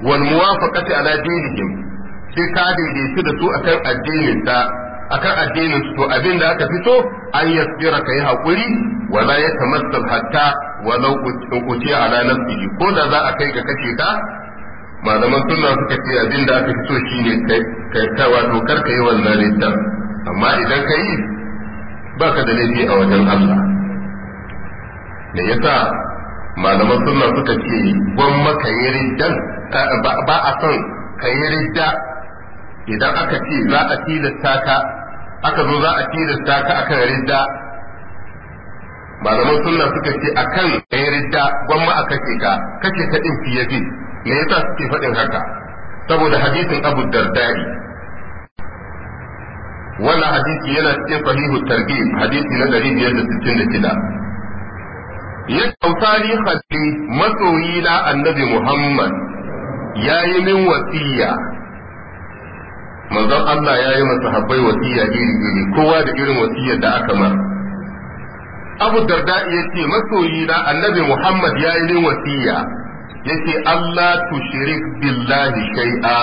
wal muwafaqati ala dinihim sai ka daidaita da su akan addinin ta. akan addinin su to abin da aka fito an yasira kai hakuri wala ya tamassal hatta walau kuti ala nafsihi ko da za a kai ga kace ta, malaman sunna suka ce abin da aka fito shine kai ta wato kar kai wannan riddan amma idan kai baka da laifi a wajen Allah me yasa malaman sunna suka ce gwamma maka yi riddan ba a son kai yi ridda idan aka ce za a tilasta ka aka zo za a tilasta ka akan ridda malaman sunna suka ce akan kai ridda gwamma a ce ka kace ka din fiye fi me yasa suke faɗin haka saboda hadisin Abu Dardari wannan hadisi yana cikin sahihu targhib hadisi na 566 ya kautari hatsi masoyi na annabi Muhammad ya yi min wasiya manzon Allah ya yi masa habbai wasiya iri iri kowa da irin wasiyar da aka mar Abu Darda ya ce masoyi na Annabi Muhammad ya yi min wasiya yace Allah shirik billahi shay'a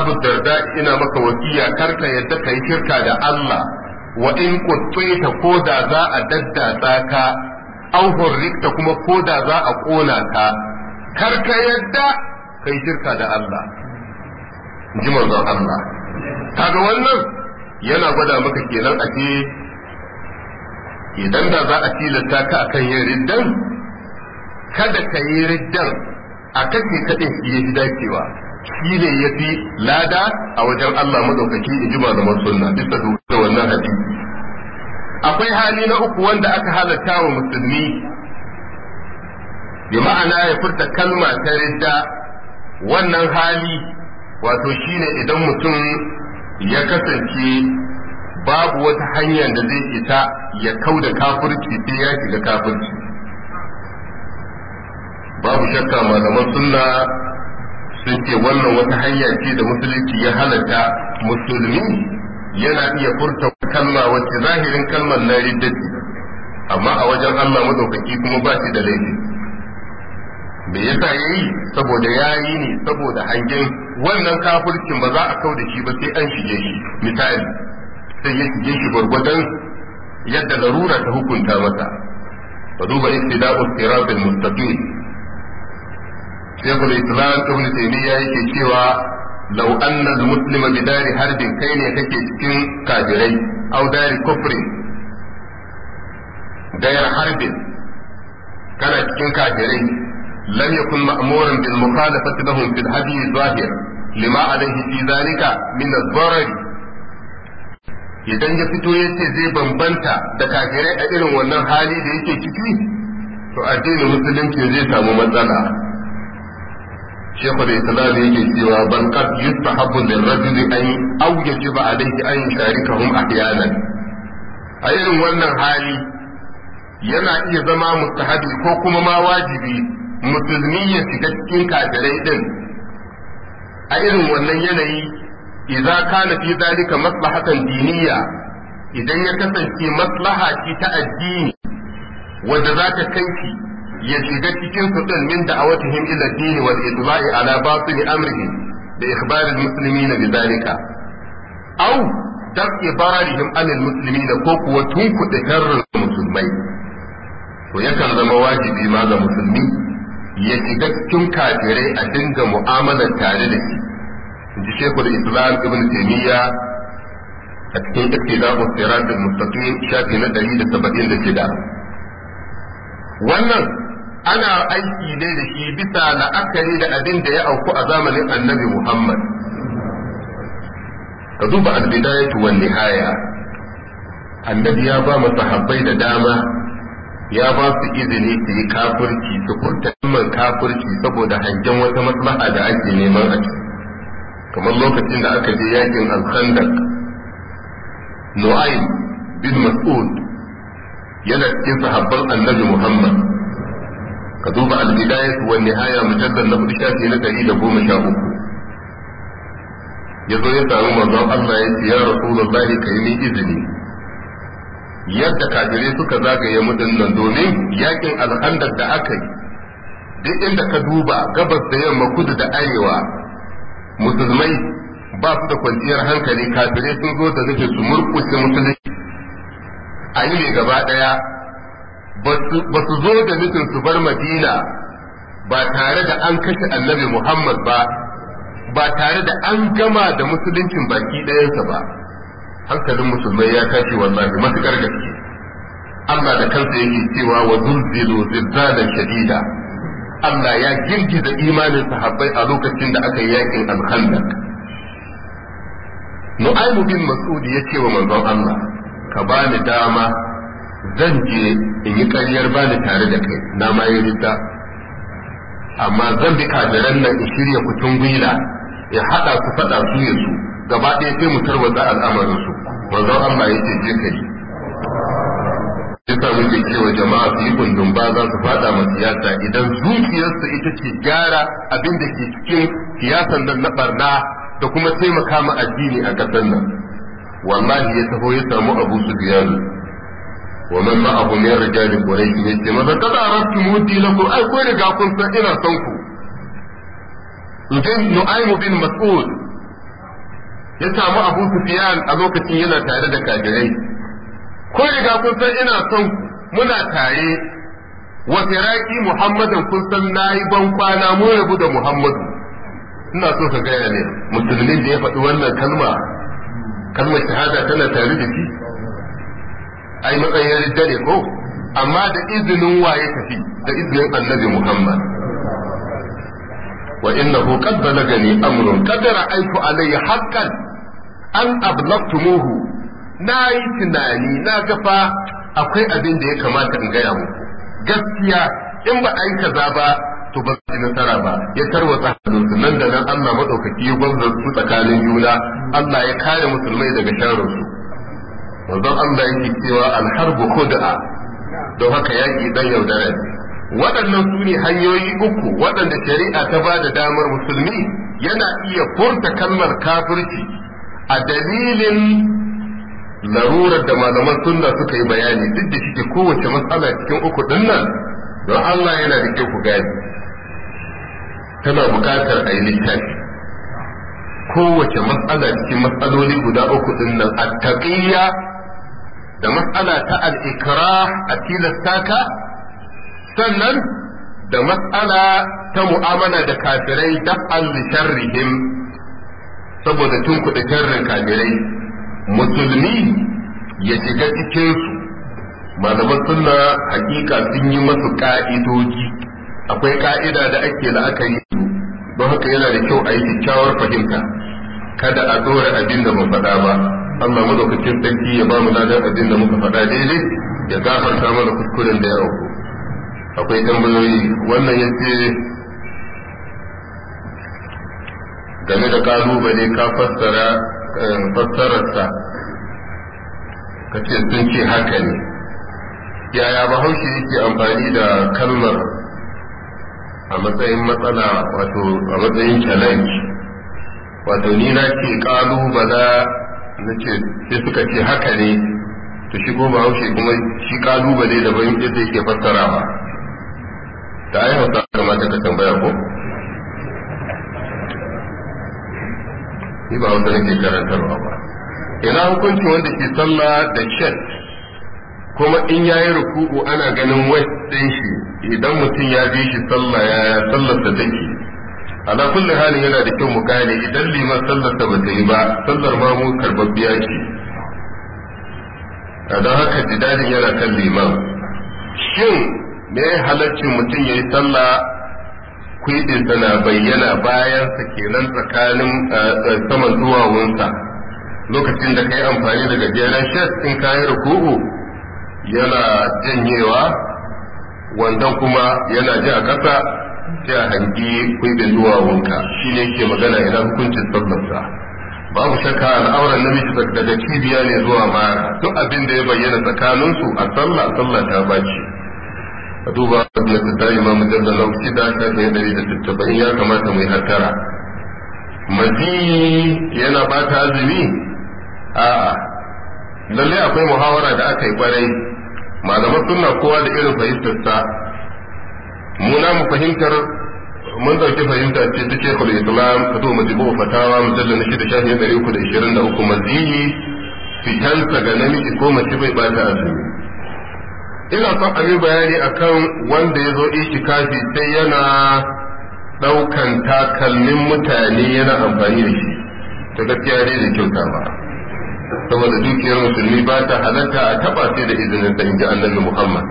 Abu Darda ina maka wasiya karka yadda kai shirka da Allah wa in ta ko da za a daddatsa ka an hurrikta kuma ko da za a kona ka karka yadda kai shirka da Allah ji manzon Allah kaga wannan yana gwada maka kenan a ce idan da za a tilasta ka akan yin riddan kada ka yi riddan a kashe kaɗin shi ya ji dacewa shi ne ya fi lada a wajen Allah maɗaukaki in ji malaman sunna bisa da wannan hadisi akwai hali na uku wanda aka halatta wa musulmi bi ma'ana ya furta kalma ta ridda wannan hali wato shine idan mutum ya kasance babu wata hanya da zai ita ya kau da kafirci sai ya shiga kafirci babu shakka malaman sunna sun ce wannan wata hanya ce da musulunci ya halatta musulmi yana iya furta kalma wacce zahirin kalmar na riddati amma a wajen Allah madaukaki kuma ba shi da laifi me yasa yayi saboda yayi ne saboda hangen wannan kafircin ba za a kau da shi ba sai an shige shi misali sai ya shige shi gwargwadon yadda larura ta hukunta masa fa duba istida'u siratul mustaqim shaykhul islam ibn taymiya yake cewa law anna al-muslima bi dari harbin kai ne kake cikin kafirai aw dari kufrin dayar harbin kana cikin kafirai لم يكن مأمورا بالمخالفة لهم في الهدي ظاهر لما عليه في ذلك من الضرر idan ya fito ya ce zai bambanta da kafirai a irin wannan hali da yake ciki to addinin musulunci zai samu matsala shekul islam yake cewa ban qad yustahabbu lil rajuli an aw yajibu alayhi an yusharikahum ahyanan a irin wannan hali yana iya zama mustahabi ko kuma ma wajibi musulmi ya shiga cikin kafirai din a irin wannan yanayi idza kana fi zalika maslahatan diniya idan ya kasance maslaha ce ta addini wanda za ta kai shi ya shiga cikin su din min da'awatihim ila dini wal idla'i ala batil amrihi da ikhbar al muslimin bi zalika aw daf'i bararihim an al muslimin ko kuwa da sharrin musulmai to yakan zama wajibi ma ga musulmi ya shiga cikin kafirai a dinga mu'amalar tare da shi ji shekul islam ibn taimiyya a cikin ku tsira da mustaqim shafi na ɗari da da saba'in shida wannan ana aiki ne da shi bisa la'akari da abin da ya auku a zamanin annabi muhammad ka duba al-bidayatu nihaya annabi ya ba mu sahabbai da dama ya ba su izini su yi kafirci su furta kalmar kafirci saboda hangen wata maslaha da ake neman a kamar lokacin da aka je yakin alkhandak nu'aym bin mas'ud yana cikin sahabban annabi muhammad ka duba al bidaya wa nihaya mujallal na hudu shafi na dari da goma sha uku ya zo ya samu manzon Allah ya ce ya rasulullahi ka yi izini yadda kafirai suka zagaye mudannan nan domin yakin alhandar da aka yi duk inda ka duba gabas da yamma kudu da arewa musulmai ba su da kwanciyar hankali kafirai sun zo da nufin su murkushe musulmi a yi ne gaba daya ba su zo da nufin su bar madina ba tare da an kashe annabi muhammad ba ba tare da an gama da musuluncin baki ɗayansa ba hankalin musulmai ya tashi wallahi matukar gaske Allah da kansa yake cewa wa zulzilu zilzalan shadida Allah ya girgiza imanin sahabbai a lokacin da aka yi yakin al-khandaq Nu'aymu bin Mas'ud ya ce wa manzon Allah ka bani dama zan je in yi ƙaryar bani tare da kai na ma yi amma zan bi kafiran nan in shirya kutun gwila ya haɗa su faɗa su yanzu gaba ɗaya sai mu tarwatsa al'amarin su wanzan Allah ya ce je ka yi yasa muke cewa jama'a su yi kundin ba za su fada ma siyasa idan zuciyarsu ita ce gyara abin da ke cikin siyasan nan na barna da kuma taimaka ma addini a ƙasar nan wallahi ya taho ya samu abu su biyanu wa ma abu ne ce maza kada arabtu muti lakum ai ko kun san ina son ku idan bin mas'ud ya samu abu sufiyan a lokacin yana tare da kajirai. ko riga kun san ina son muna tare wa firaki muhammadin kun san yi ban kwana mu rabu da muhammadu ina so ka gaya ne musulmin da ya faɗi wannan kalma kalmar shahada tana tare da shi ai matsayin ridda ko amma da izinin waye tafi da izinin annabi muhammad wa innahu qad balagani amrun qad ra'aytu alayhi haqqan an ablaqtumuhu na yi tunani na gafa akwai abin da ya kamata in gaya muku gaskiya in ba a kaza ba to ba su nasara ba ya tarwatsa hannunsu nan da nan Allah madaukaki ya su tsakanin juna Allah ya kare musulmai daga sharrin su manzon Allah yake cewa alharbu khud'a don haka yaki dan yaudara waɗannan su ne hanyoyi uku waɗanda shari'a ta ba da damar musulmi yana iya furta kalmar kafirci a dalilin larurar da malaman sunna suka yi bayani duk da shike kowace matsala cikin uku nan, don Allah yana da kyau ku gani tana bukatar a yi littafi kowace matsala cikin matsaloli guda uku nan a taƙiyya da matsala ta al'ikira a tilasta ka sannan da matsala ta mu'amala da kafirai da sharrihim saboda tun kuɗi karnin kabirai musulmi ya shiga su. malaman sunna hakika sun yi masu ka'idoji akwai ka'ida da ake la'akari don haka yana da kyau a yi kyakkyawar fahimta kada a dora abin da mun faɗa ba Allah madaukakin sarki ya ba mu ladan abin da muka faɗa daidai ya gafarta mana kuskuren da ya auku akwai tambayoyi wannan yace game da kalubale ka fassara eh, fassararsa ka ce sun ce haka ne yaya bahaushe yake amfani da kalmar a matsayin matsala wato a matsayin challenge wato ni na ce kalubala na ce sai suka ce haka ne to shi ko bahaushe kuma shi kalubale daban yadda yake ba ta ayyuka kamata ka tambaya ko shi ba wanda nake karantarwa ba ina hukunci wanda ke sallah da chest kuma in yayi ruku'u ana ganin waist din shi idan mutum ya bi shi sallah ya sallarsa take ala kulli halin yana da kyau mu gane idan liman sallarsa ba yi ba sallar ma mu karbabbiya ce don haka jidalin yana kan liman shin me halaccin mutum ya yi sallah Kuɗinsa na bayyana bayansa kenan tsakanin eh, eh, saman duwawunsa lokacin da ka yi amfani da gajeren shes in ka yi ruku'u yana janyewa wanda kuma yana ji a ƙasa sai a hangi zuwa duwawunka shi ne ke magana ina hukuncin sabbarsa babu shakka al'auran namiji daga cibiya ne zuwa mara duk abin da ya bayyana tsakaninsu a sallah sallah ta bace a duba da imam ma shi da aka yi ɗari da tattabai ya kamata mai hattara maji yana ta azumi a lalle akwai muhawara da aka yi kwarai malaman sunna kowa da irin fahimtarsa muna mu fahimtar mun dauki fahimta ce ta shekul islam ta zo majibu fatawa mujallar na shida shafi ɗari uku da ishirin da uku maziyi fitansa ga namiji ko mace bai bata azumi ina son a yi bayani akan wanda ya zo kafi sai yana ɗaukan takalmin mutane yana amfani da shi ta gaskiya dai da kyauta ba saboda dukiyar musulmi ba ta halatta a taba sai da izinin sa inji annabi Muhammad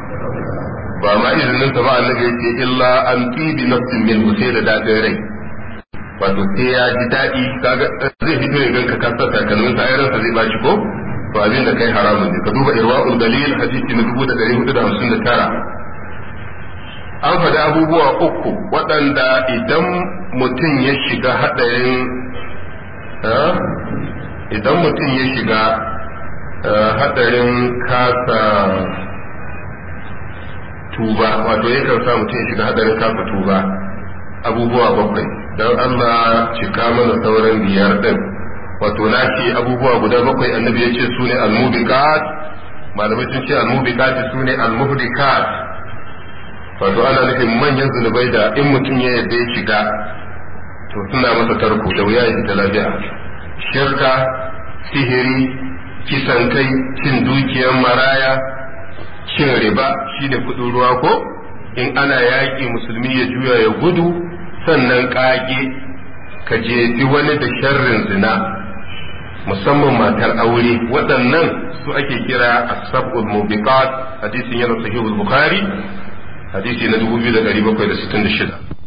ba ma izinin sa ba annabi yake illa an tibi nafsin min sai da dadin rai wato sai ya ji daɗi kaga zai fito ne ganka kasar sa takalmin sa zai ba shi ko to abin da kai haramun ne ka duba irwaul dalil hadisi na 1459 an faɗi abubuwa uku waɗanda idan mutum ya shiga haɗarin eh, idan mutum ya shiga eh, haɗarin kasa tuba wato kan sa mutum ya shiga haɗarin kasa tuba abubuwa bakwai don Allah cika mana sauran biyar ɗin wato nashi abubuwa guda bakwai annabi ya ce su ne almubiqat malamai sun ce al-muhdi almubiqat su ne almuhdikat wato ana nufin manyan zunubai da in mutum ya yadda ya shiga to suna masa tarko da wuya ya da lafiya shirka sihiri kisan kai cin dukiyar maraya cin riba shi da kudin ruwa ko in ana yaƙi musulmi ya juya ya gudu sannan ƙage ka jefi wani da sharrin zina musamman matar aure waɗannan su ake kira a asabul mubiqat hadisin yana sahihul bukhari hadisi na 2766